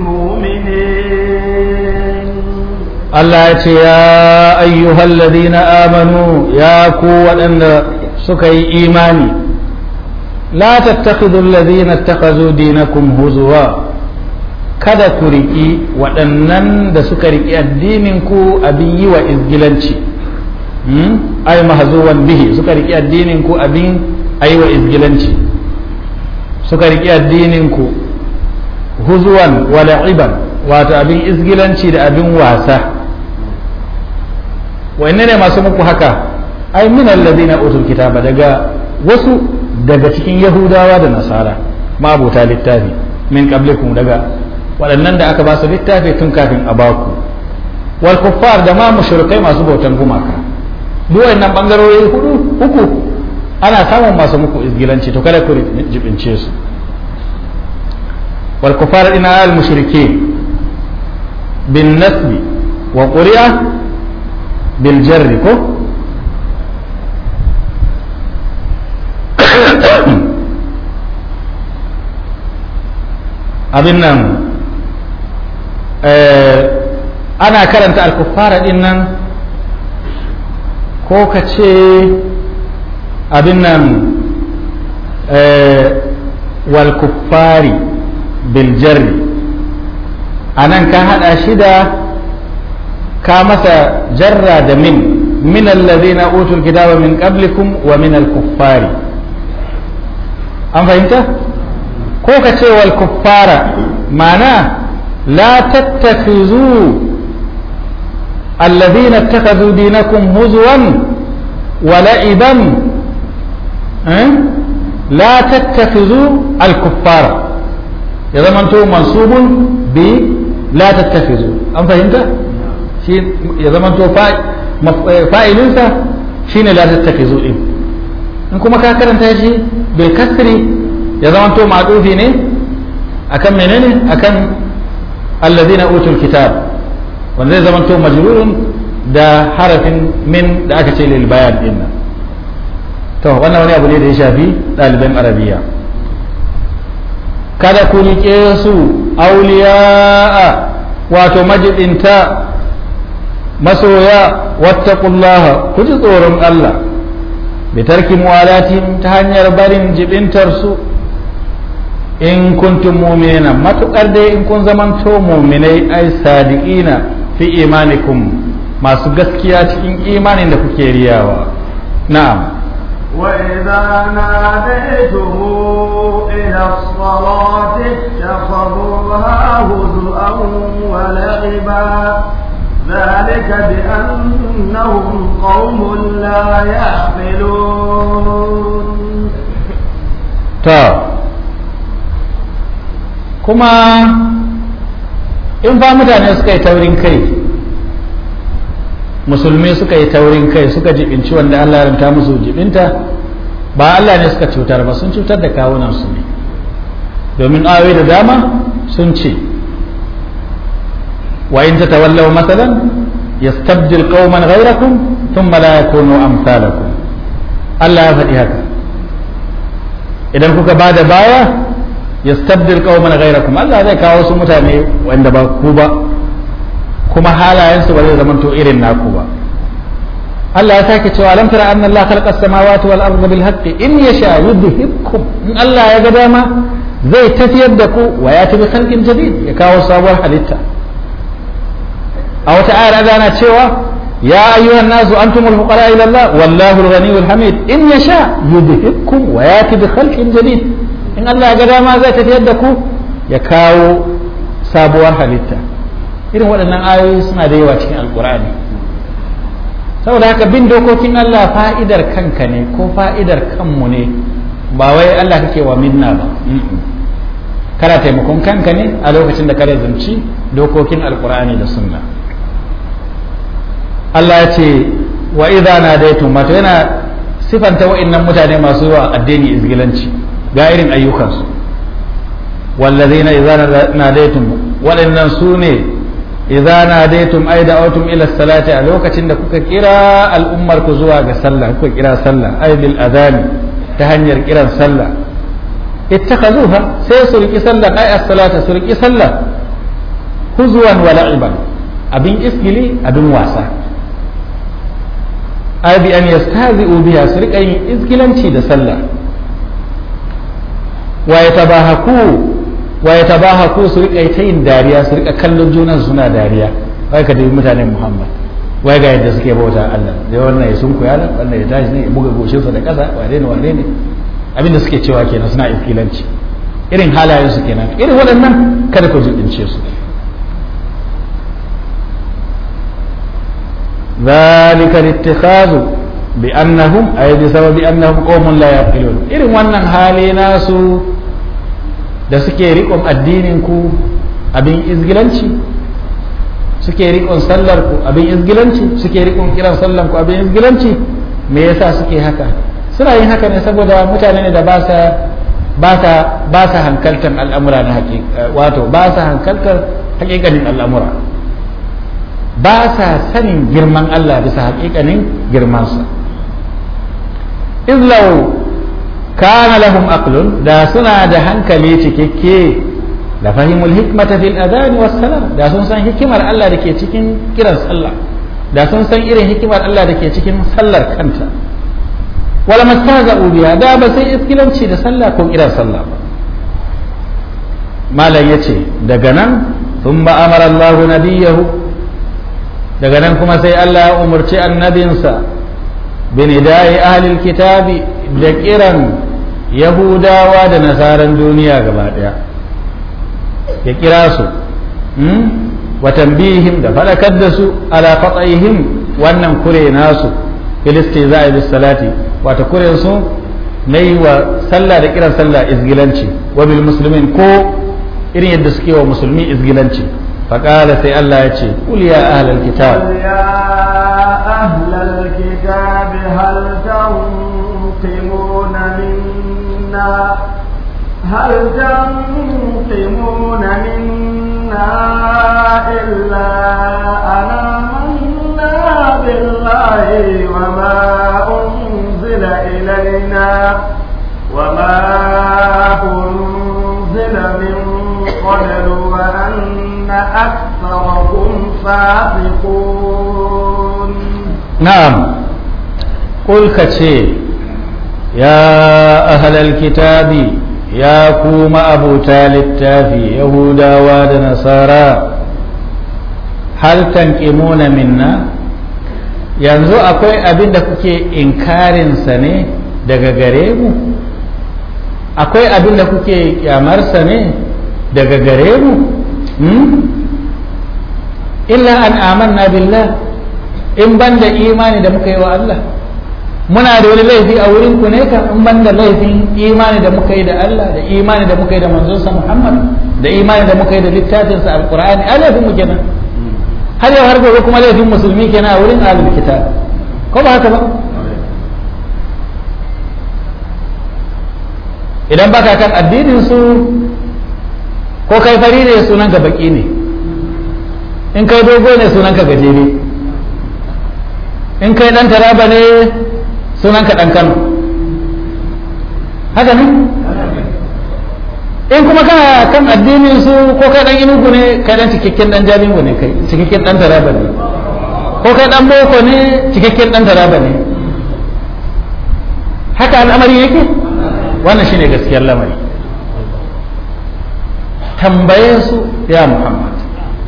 مؤمنين الله يا أيها الذين آمنوا يا قوة suka yi imani la tattakhidhu alladhina ittakhadhu dinakum huzwa kada ku riƙi waɗannan da suka riƙi addinin ku abin yi wa izgilanci hmm? ai mahzuwan bihi suka riƙi addinin ku abin ai wa izgilanci suka riƙi addinin ku huzuwan wa la'iban wato abin izgilanci da abin wasa wa ne masu muku haka ai min alladhina utul kitaba daga wasu daga cikin yahudawa da nasara ma'abota littafi min qablikum daga waɗannan da aka ba su littafi tun kafin a baku wal kuffar da ma mushrikai masu bautan gumaka duk waɗannan bangarori hudu uku ana samun masu muku izgilanci to kada ku jibince su wal kuffar ina al mushrike bin nasbi wa quri'a bil jarri ko abin nan eh, ana karanta alkufara din nan ko ka ce abin nan eh, walkuffari a nan ka haɗa shi da ka masa jarra da min min allazina utul kitaba min qablikum wa min al-kuffari an fahimta ko ka ce wal kuffara mana la tattakizu alladhina ittakhadhu dinakum huzwan wa la'iban la tattakizu al kuffara ya zamanto mansubun bi la tattakizu an fahimta shi ya zamanto fa'ilinsa shine la tattakizu din in kuma ka karanta shi bil kasri ya zama to ma'dufi ne akan menene akan alladhina utul kitab wanda zai zama to majrurun da harafin min da aka ce lil bayan din nan to wannan wani abu ne da ya shafi ɗaliban arabiya kada ku riƙe su a wato majidinta masoya wattaqullaha ku ji tsoron Allah bitarki muwalatin ta hanyar barin jibintarsu in kuntum mu'minina matukar dai in kun zamanto mu'minai ai sadiqina fi imanikum masu gaskiya cikin imanin da kuke riyawa na'am وإذا ناديته إلى الصلاة اتخذوها هزؤا ولعبا ذلك بأنهم قوم لا يعقلون تا كما in fa mutane suka yi taurin kai musulmi suka yi taurin kai suka jibinci wanda Allah ya ranta musu jibinta ba Allah ne suka cutar ba sun cutar da kawunansu ne domin ayoyi da dama sun ce وإن تتولوا مثلا يستبدل قوما غيركم ثم لا يكونوا أمثالكم ألا يفتي هذا إذا كنت بعد باية يستبدل قوما غيركم ألا ذلك أوس متاني يعني وعند كوبا كما حالا ينسو بل زمن تؤيرنا كوبا ألا يساكي تشوى ألم ترى أن الله خلق السماوات والأرض بالحق إن يشاء يذهبكم إن الله يقدام زي تسيدكو وياتي بخلق جديد يكاوس أول حديثة a wata ayar na cewa ya ayyuhan nasu antumul fuqara ila Allah wallahu al-ghaniyul hamid in yasha yudhibkum wa yati bi khalqin jadid in Allah ga dama zai tafiyar da ku ya kawo sabuwar halitta irin waɗannan ayoyi suna da yawa cikin alkur'ani saboda haka bin dokokin Allah fa'idar kanka ne ko fa'idar kanmu ne ba wai Allah kake wa minna ba kana taimakon kanka ne a lokacin da ka zumci dokokin alkur'ani da sunna Allah ya ce wa idza nadaitum wato yana sifanta wa'annan mutane masu yawa addini izgilanci ga irin ayyukansu wallazina idza nadaitum waɗannan su ne idza nadaitum ay da'awtum ila salati a lokacin da kuka kira al'ummar ku zuwa ga sallah kuka kira sallah ay bil adani ta hanyar kiran sallah ittakhazuha sai su riki sallah ay as-salata su riki sallah huzwan wa la'iban abin iskili abin wasa ai bi an yastazi'u biha su rika yin izgilanci da sallah wa yatabahaku wa yatabahaku su rika ta yin dariya su rika kallon juna suna dariya wai ka dubi mutanen Muhammad wai ga yadda suke bauta Allah da wannan ya sunku yana wannan ya tashi ne ya buga goshin sa da kasa wane ne wane ne abinda suke cewa kenan suna izgilanci irin halayen su kenan irin waɗannan kada ku jinkince su ذلك الاتخاذ بأنهم أي بسبب أنهم قوم لا يعقلون إن wannan hali nasu da suke riƙon addinin ku abin izgilanci suke riƙon sallar ku abin izgilanci suke riƙon kiran sallar ku abin izgilanci me yasa suke haka suna yin haka ne saboda mutane ne da ba sa ba sa ba sa hankaltar al'amura na haƙiƙa wato ba sa hankaltar haƙiƙanin al'amura ba sa sanin girman Allah bisa haƙiƙanin girmansa izlau kana lahum aqlun da suna da hankali cikakke da fahimul hikmata fil adhan was da sun san hikimar Allah da cikin kiran sallah da sun san irin hikimar Allah da cikin sallar kanta wala mastaza ubiya da ba sai iskilanci da sallah ko kiran sallah ba malam yace daga nan thumma amara Allahu nabiyahu daga nan kuma sai Allah ya umarci annabinsa bin idai ahlil kitabi da kiran yahudawa da nasaran duniya gaba daya ya kira su hmm? wa tambihim da fadakar da su ala fatayhim wannan kure nasu filisti za a yi salati wata kure su na yi wa sallah da kiran sallah izgilanci wa bil ko irin yadda suke wa musulmi izgilanci فقال سي الله يتي قل يا أهل الكتاب قل يا أهل الكتاب هل تنقمون منا هل تنقمون منا إلا أنا منا بالله وما أنزل إلينا وما أنزل من قبل وأن أكثرهم فاسقون نعم قل كتير يا أهل الكتاب يا كوم أبو تالي التافي يهودا ونصارى هل تنقمون منا yanzu akwai abin da kuke inkarinsa ne daga gare mu akwai abin da kuke kyamarsa ne daga gare mu Hmm? illa an amanna billah in ban da imani da muka yi wa Allah muna da wani laifi a wurin ku ne ka in ban da laifin imani da muka yi da Allah da imani da muka yi da manzonsa Muhammad da imani da muka yi da littafinsa alqur'ani a laifin mu kenan har yau har gobe kuma laifin musulmi kenan a wurin ahlul kitab ko ba haka ba idan baka kan addinin su ko kai fari ne sunan ka baki ne in kai dogo ne sunan ka gajere in kai dan taraba ne sunan ka dan kano haka ne in kuma kana kan addinin su ko kai dan inugu ne kai dan cikakken dan jalingo ne kai cikakken dan taraba ne ko kai dan boko ne cikakken dan taraba ne haka al'amari yake wannan shine gaskiyar lamari tambaye su ya muhammad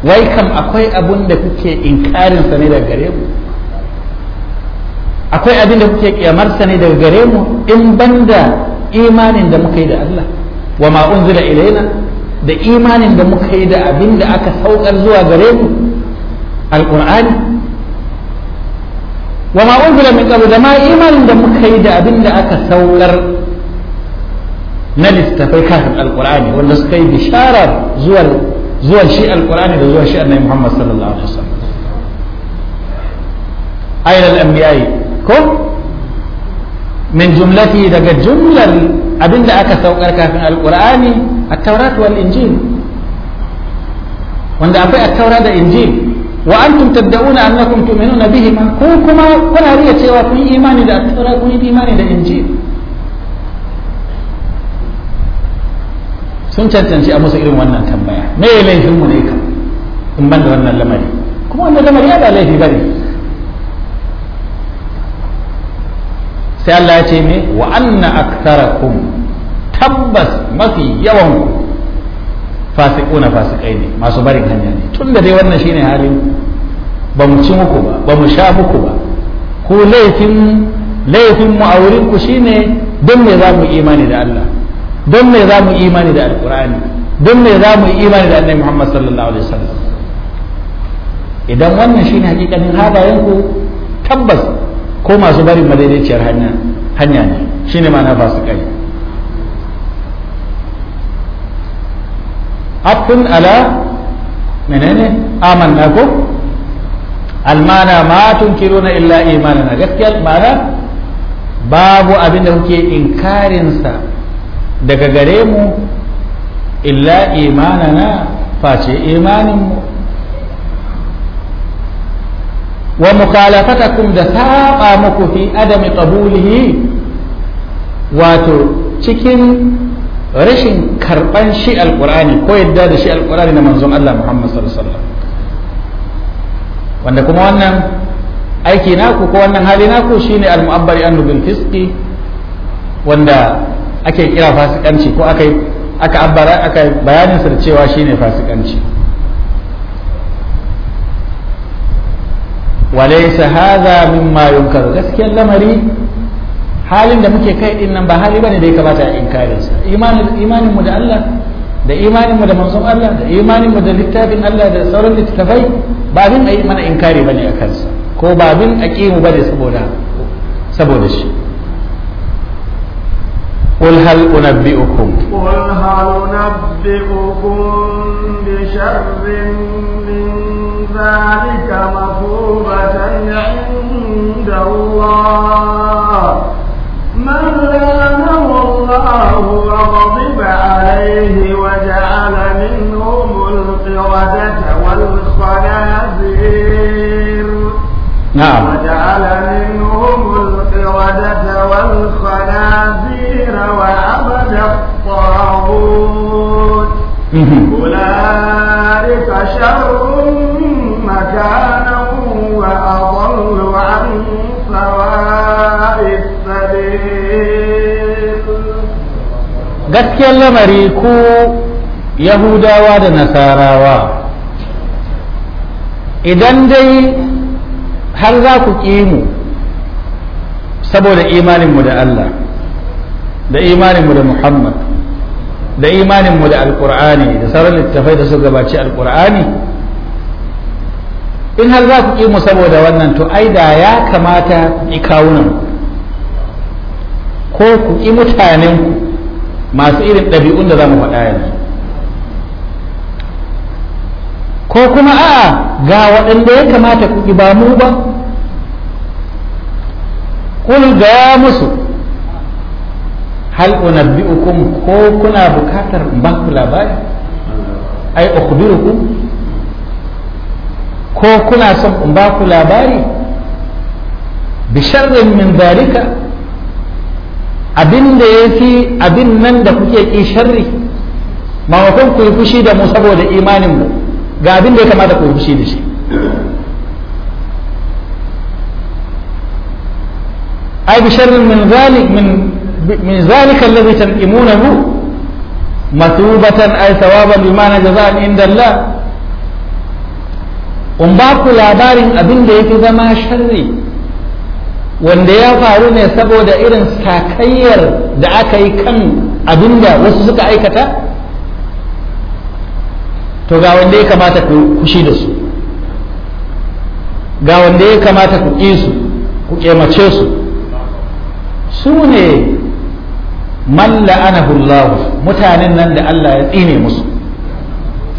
wai kam akwai abun da kuke inkarin sa ne daga gare mu akwai abin da kuke kiyamar sa ne daga gare mu in banda imanin da muka yi da Allah wa ma unzila ilaina da imanin da muka yi da abin da aka saukar zuwa gare mu alqur'ani wa ma unzila min qabl da ma imanin da muka yi da abin da aka saukar na littafai kafin alkur'ani wanda suka yi bishara zuwan shi alkur'ani da zuwan shi annabi muhammad sallallahu alaihi wasallam ayyul anbiya'i ko min jumlati daga jumlar abinda aka saukar kafin alkur'ani a taurat wal injil wanda akwai a taura da injil wa antum tad'una annakum tu'minuna bihi man ku kuma kuna riya cewa kun imani da at-taurat kun imani da injil sun cancanci a musu irin wannan tambaya me ya laifin mu ne ka in ban da wannan lamari kuma wannan lamari ya ba laifi bane sai Allah ya ce me wa anna aktharakum tabbas mafi yawan ku fasiquna fasikai ne masu barin hanya ne tunda dai wannan shine halin ba mu ci muku ba ba mu sha muku ba ku laifin laifin mu a wurin ku shine don me za mu imani da Allah don me za mu imani da alkur'ani don me za mu imani da annabi muhammad sallallahu alaihi wasallam idan wannan shine hakikanin ku tabbas ko masu barin madaidaiciyar hanya hanya ne shine ma'ana kai haqqun ala menene amanna ko almana ma tunkiruna illa imanana gaskiya ma'ana babu abin da kuke sa daga gare mu illa imanana face imaninmu wa mukalafatakum da saba muku fi adami qabulihi wato cikin rashin karban shi alqur'ani ko yadda da shi alqur'ani na manzon Allah Muhammad sallallahu alaihi wasallam wanda kuma wannan aiki naku ko wannan hali naku shine al-mu'abbari annu bil fiski wanda ake kira fasikanci ko aka aka abara aka bayanin sa da cewa shine fasikanci walaysa hadha mimma yunkaru gaskiyar lamari halin da muke kai din nan ba hali bane da ya kamata a inkare sa imanin mu da Allah da imanin mu da manzon Allah da imanin mu da littafin Allah da sauran littafai ba abin ayi mana inkari bane a kansa ko ba a aqimu bane saboda saboda shi قل هل أنبئكم قل هل أنبئكم بشر من ذلك مثوبة عند الله من لا gaskiyar lamari ku yahudawa da nasarawa idan dai har za ku mu saboda imaninmu da Allah da imaninmu da Muhammad da imaninmu da alkur'ani da sauran littafai da su gabaci alkur'ani in har za ku mu saboda wannan to ai da ya kamata ikawunan ko ku ƙi mutanenku masu irin ɗabi'un da za mu faɗa yanzu ko kuma a'a ga waɗanda ya kamata ku ba mu ba kul gaya musu hal unabbi'ukum ko kuna bukatar baku ba ku labari ai ko kuna son baku labari bi min dhalika abin da ya fi abin nan da kuke ki sharri maimakon ku yi fushi da mu saboda imanin mu ga abin da ya kamata ku yi fushi da shi ai bi sharrin min zalik min min zalika allazi tanqimunahu masubatan ay thawaban bima najza'an inda Allah in ba ku labarin abin da yake zama sharri wanda ya faru ne saboda irin sakayyar da aka yi kan abinda wasu suka aikata to ga wanda ya kamata ku kushi da su ga wanda ya kamata ku ƙi su ku ƙemace su su ne man la'anahullahu mutanen nan da Allah ya tsine musu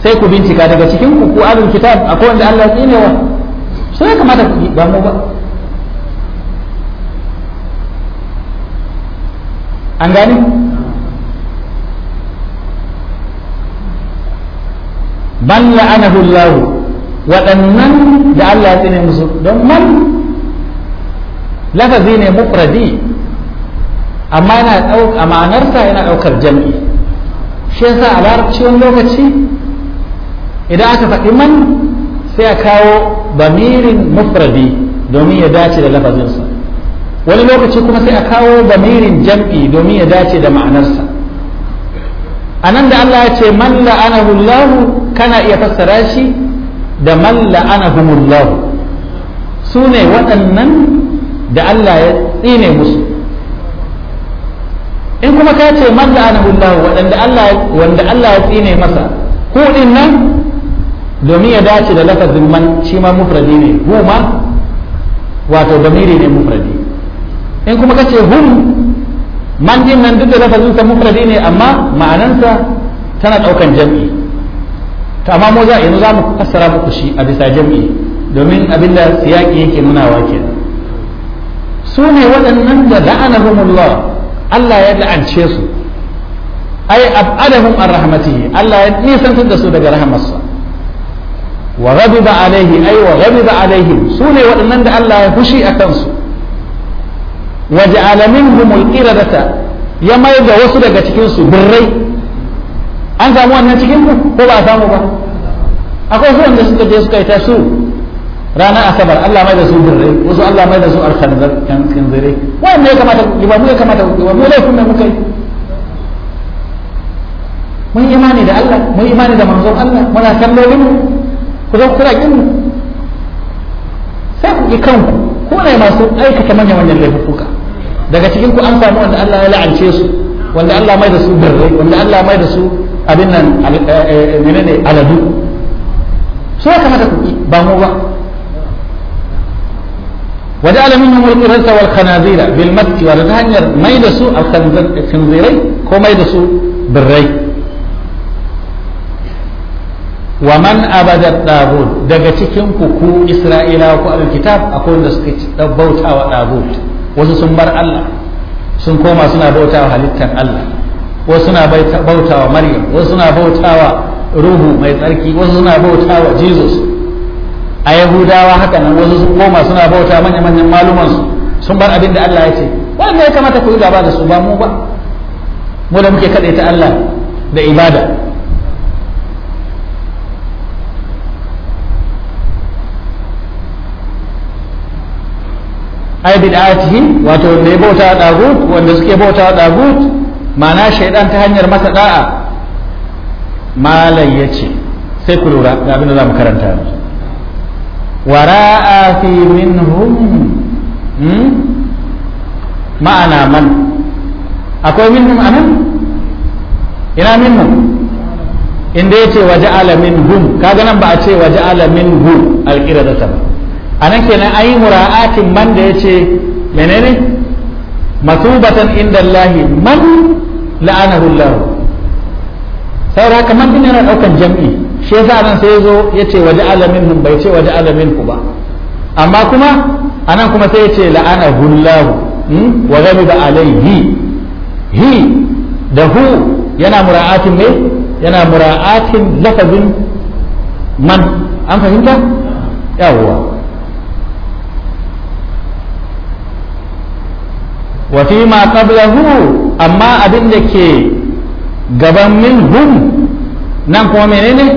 sai ku bincika daga cikin ku ku kitab akwai wanda Allah ya tsine wa ne kamata ku ba mu ba an gani ban la'anahu Allah waɗannan da Allah ya tsine musu don man lafazi ne mufradi amma yana ɗaukar ma'anarsa yana ɗaukar jam'i shi yasa a larabci wani lokaci idan aka faɗi man sai a kawo bamirin mufradi domin ya dace da lafazinsa wani lokaci kuma sai a kawo bamirin jam'i domin ya dace da ma'anarsa a nan da Allah ya ce man la'anahu Allah kana iya fassara shi da man la'anahumullahu su ne waɗannan da Allah ya tsine musu in kuma ka ce man la'anahu Allah waɗanda Allah wanda Allah ya tsine masa ko din nan domin ya dace da lafazin man shi ma mufradi ne huma wato damiri ne mufradi in kuma kace hum man din nan duk da lafazin sa mufradi ne amma ma'anansa tana daukan jam'i to amma mu za yanzu za mu fassara muku shi a bisa jam'i domin abinda siyaki yake nunawa kenan su ne waɗannan da la'anahumullah Allah ya la'ance su ay ab'adahum an rahmatihi Allah ya nisantar da su daga rahmarsa wa ghadiba alaihi ay wa ghadiba alaihim su ne waɗannan da Allah ya fushi a kansu waj'ala minhum al-qiradata ya mai da wasu daga cikin su birrai an samu wannan cikin ku ko ba a samu ba akwai su wanda suka je suka yi ta su ranar asabar Allah mai da su birrai wasu Allah mai da su alkhanzar kan kinzire wanda ya kamata ba mu ya kamata ba mu laifin ne muka yi mun imani da Allah mun imani da manzon Allah muna kallolin mu ku zo kira kin mu sai ku ki kanku ko ne masu aikata manya-manyan laifuka daga cikin ku an samu wanda Allah ya la'ance su wanda Allah mai da su birrai wanda Allah mai da su abin nan eh, eh, eh, menene aladu so ya kamata ku ba mu ba وجعل منهم القرص والخنازير بالمسك والرهنير ما يدسوا الخنزيرين كما يدسوا بالري ومن أبد الطاغوت دقتكم كو إسرائيل وكو الكتاب أقول لسكت بوت أو طاغوت wasu sun bar Allah sun koma suna bautawa halittar Allah wasu suna bautawa Maryam wasu suna bautawa ruhu mai tsarki wasu suna bautawa Jesus a Yahudawa haka nan wasu sun koma suna bauta manya manyan maluman su sun bar abin da Allah ya ce wanda ya kamata ku yi gaba da su ba mu ba mu da muke kaɗaita Allah da ibada ai bid'atihi wato wanda ya bauta dagut wanda suke bauta dagut ma'ana shaidan ta hanyar masa da'a malai yace sai ku lura ga abin da zamu karanta wara'a fi minhum hmm? ma'ana man akwai minhum anan ina minhum inda yace waje alamin hum kaga nan ba a ce waje alamin da ta ba a nan kenan ayi mura'atin man da ya ce menene masubatan inda Allahi man la'anahu Allah Sai haka man din yana daukan jam'i shi yasa nan sai ya zo ya ce waje alamin hun bai ce waje alamin ku ba amma kuma a nan kuma sai ya ce la'anahu Allah hmm? wa ghadiba alaihi hi da hu yana mura'atin ne yana mura'atin lafazin man an fahimta yawwa wa fi ma qablahu amma abin da ke gaban minhum nan kuma menene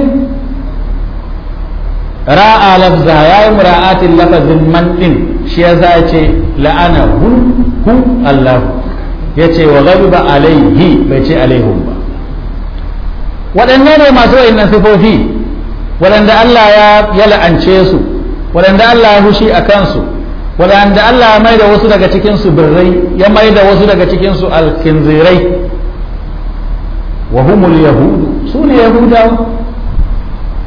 ra'a lafza yayi mura'atin lafazin man din shi ya za la'ana hu hu Allah ya ce wa ghadiba Alayhi bai ce alaihum ba waɗanne ne masu wayannan sifofi wadanda Allah ya la'ance su wadanda Allah ya hushi a kansu waɗanda Allah ya mai da wasu daga cikinsu birrai ya mai da wasu daga cikinsu alkinzirai wa humul yahudu su ne yahudawa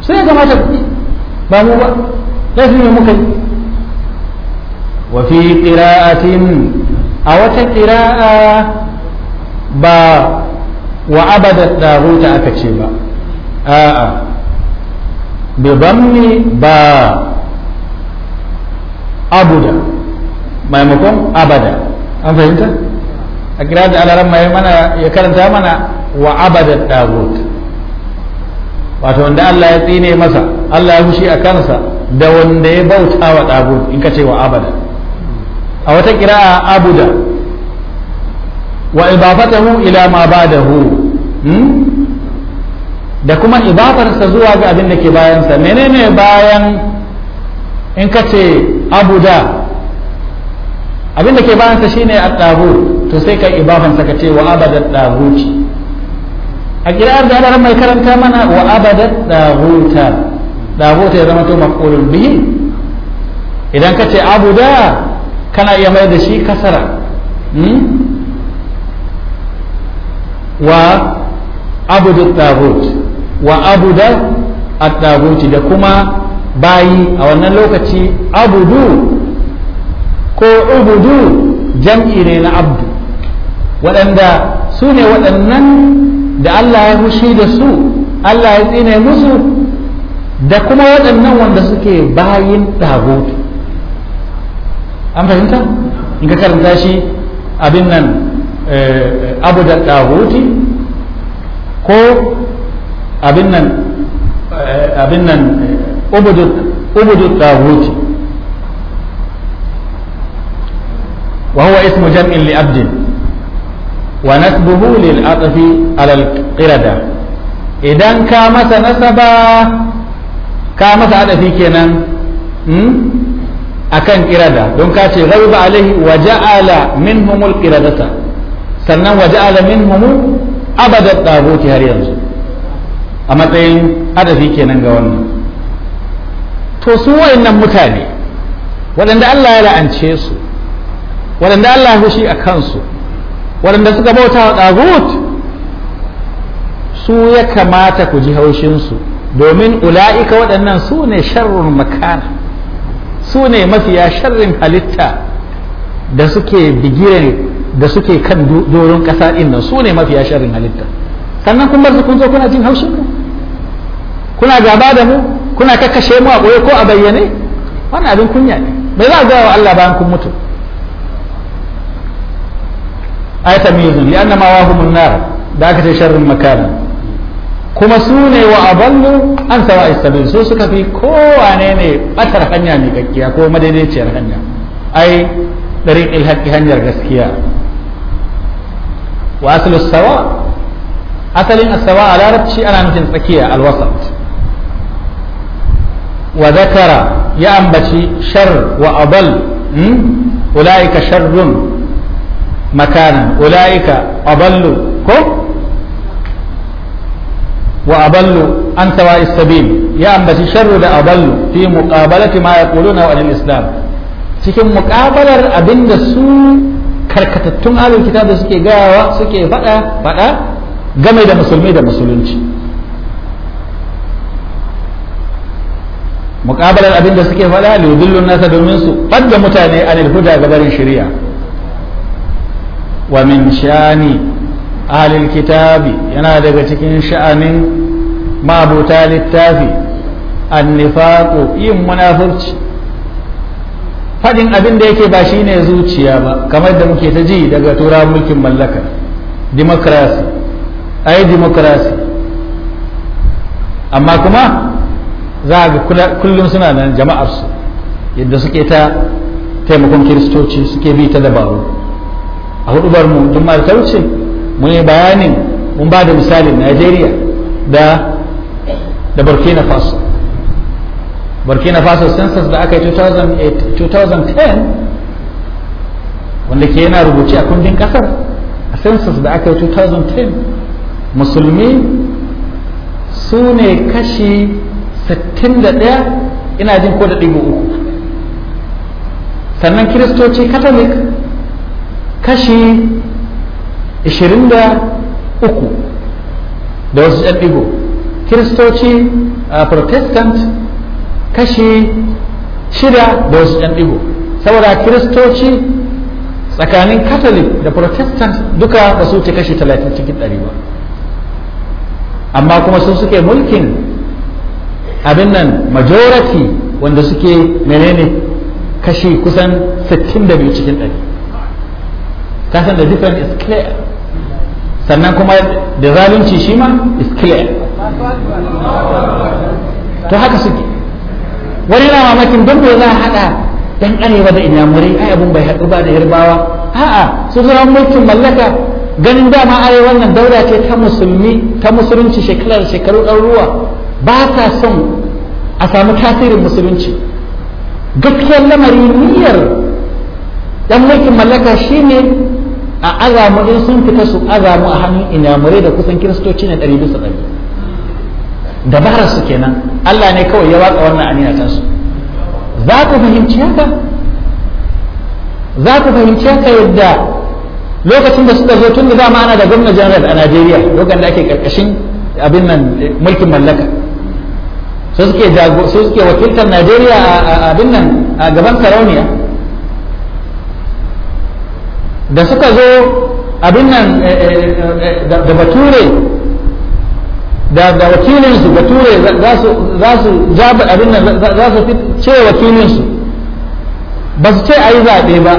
sai ya kamata kuɗi ba mu ba laifin ne muka yi wa fi qira'atin a wata qira'a ba wa abada daruta aka ce ba a'a bi ba abuda maimakon abada an fahimta a kira da alaran mai mana ya karanta mana wa abada dagut wato wanda Allah ya tsine masa Allah ya fushi a kansa da wanda ya bauta wa dagut in ka ce wa abada a wata kira'a abuda wa idafatahu ila ma ba'dahu hmm? da kuma ibabarsa zuwa ga abin da ke bayansa menene bayan in ka ce abuda abinda ke bayansa shine at-taghut to sai kai ibaban ka ce wa abada at-taghut a kira'ar da Allah mai karanta mana wa abada at-taghut ta ya zama to maf'ulun bihi idan ka ce da kana iya mai da shi kasara hmm? wa abudu taghut wa da at-taghut da kuma bayi a wannan lokaci abudu ko ubudu jam'i ne na abdu waɗanda su ne waɗannan da Allah ya hushi da su Allah ya tsine musu da kuma waɗannan wanda suke bayin ɗagutu an fahimta in ka karanta shi abin nan eh, abu da ɗaguti ko abin nan eh, abin nan eh, أبد الطاغوت وهو اسم جمع لأبد ونسبه للعطف على القردة إذا كامس نسبا كامس عدفي كنا أكن قردة دون كاتي غلب عليه وجعل منهم القردة سنن وجعل منهم أبد الطاغوت هريا أما تين عدفي كنا قولنا to su wayannan mutane waɗanda Allah ya la'ance su waɗanda Allah ya fushi a kansu waɗanda suka bauta wa ɗagut su ya kamata ku ji haushinsu domin ula'ika waɗannan su ne sharrun makana su ne mafiya sharrin halitta da suke bigire da suke kan doron ƙasa ɗin nan su ne mafiya sharrin halitta sannan kun bar su kun zo kuna jin haushin kuna gaba da mu kuna kakkashe mu a ɓoye ko a bayyane wannan abin kunya ne bai za a gaya wa Allah bayan kun mutu ay tamyizun li anna mawahumun nar da aka ce sharrin makana kuma su ne wa aballu an sawa istabil su suka fi kowane ne batar hanya mai gaggiya ko madaidaiciyar hanya ai dariq ilhaki hanyar gaskiya wa aslu sawa asalin asawa a larabci ana nufin tsakiya alwasat wa ya ambaci shar wa abal hmm? an sawa'i sabil ya ambaci sharru da aballu fi muqabalati ma yaquluna wa islam cikin muqabalar abinda su karkatattun alin kitab suke gawa suke faɗa fada game da musulmi da musulunci muqabalar abin da suke faɗa li yudillun nasa domin su fadda mutane anil ga barin shari'a wa min shani ahlil kitabi yana daga cikin sha'anin mabuta littafi annifaku yin munafurci Faɗin abin da yake ba shine zuciya ba kamar da muke ta ji daga tura mulkin mallaka democracy ai democracy amma kuma za ga kullum suna nan jama'arsu yadda suke ta taimakon kiristoci suke bi ta dabaru a hudubar mu juma'a ta wuce mun yi bayanin mun ba da misalin najeriya da da burkina faso burkina faso census da aka yi 2010 wanda ke yana rubuce a kundin kasar a census da aka yi 2010 musulmi su ne kashi 61 ina jin ko da ɗigo uku sannan kiristoci katolik kashi 23 da wasu ɗan ɗigo kiristoci protestant kashi shida da wasu ɗan ɗigo saboda kiristoci tsakanin katolik da protestant duka ba su wuce kashi 30 cikin ɗari ba amma kuma sun suke mulkin abin nan majority wanda suke menene kashi kusan 62 cikin ka kasan da difference is clear sannan kuma da zalunci shi ma is clear to haka suke wani na mamakin don ba za a haɗa ɗan arewa da inyamurai ai abun bai haɗu ba da yarbawa a'a su zama mulkin mallaka ganin dama arewa wannan daura ce ta musulmi ta musulunci shekarar shekaru ɗaruruwa ba sa son a samu tasirin musulunci gaskiyar lamari niyyar dan mulkin mallaka shine a azamu in sun fita su azamu a hannun inyamurai da kusan kiristoci na ɗari bisa ɗari dabarar su kenan Allah ne kawai ya watsa wannan aniyar ta su za ku fahimci haka za ku fahimci haka yadda lokacin da suka zo tun da dama ana da gwamna janar a Najeriya lokacin da ake karkashin abin nan mulkin mallaka su suke su suke wakiltar Najeriya a abin nan a gaban sarauniya da suka zo abin nan eh, eh, eh, da bature da da wakilin su bature za su za su jaba abin nan za su ce wakilin su ba su ce ayi zabe ba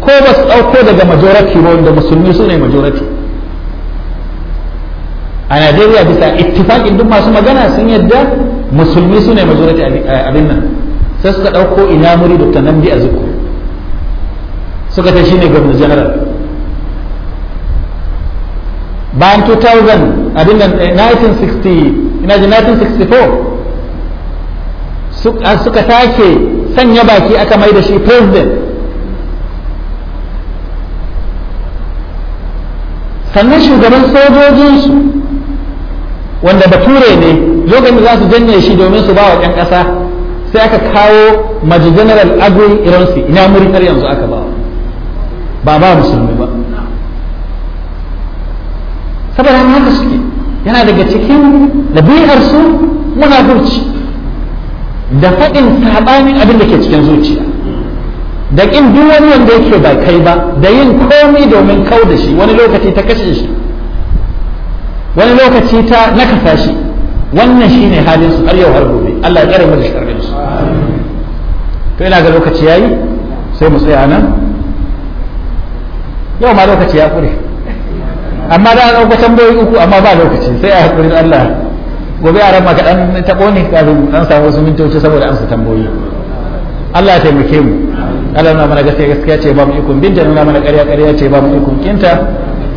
ko ba su dauko daga majority ba wanda musulmi su ne majority a Najeriya bisa ittifaqin duk masu magana sun yadda musulmi su ne majority abin nan sai suka ɗauko ina muri dr namdi a zuku suka ta shine gwamnati general bayan 2000 abin nan 1960 eh, ina ji 1964 ah, suka take sanya baki aka mai da shi president sannan shugaban sojojinsu wanda bature ne lokacin za su janye shi domin su ba wa ƴan ƙasa sai aka kawo maji general agri iransi ina muritar yanzu aka ba ba ba musulmi ba saboda haka suke yana daga cikin labirarsu muna zuci da faɗin saɓanin abin da ke cikin zuciya da ƙin duk wani wanda yake ba kai ba da yin komi domin kau da shi wani lokaci ta kashe shi wani lokaci ta nakasa shi wannan shine halin su har yau har gobe Allah ya kare mu da su to ina ga lokaci yayi sai mu tsaya nan yau ma lokaci ya kure amma da an dauka tambayoyi uku amma ba lokaci sai a hakurin Allah gobe a rama dan ta ne, kafin an samu wasu mintoci saboda amsa tambayoyi Allah ya taimake mu Allah na mana gaskiya gaskiya ce ba mu ikon binta nuna mana ƙarya ƙarya ce ba mu ikon kinta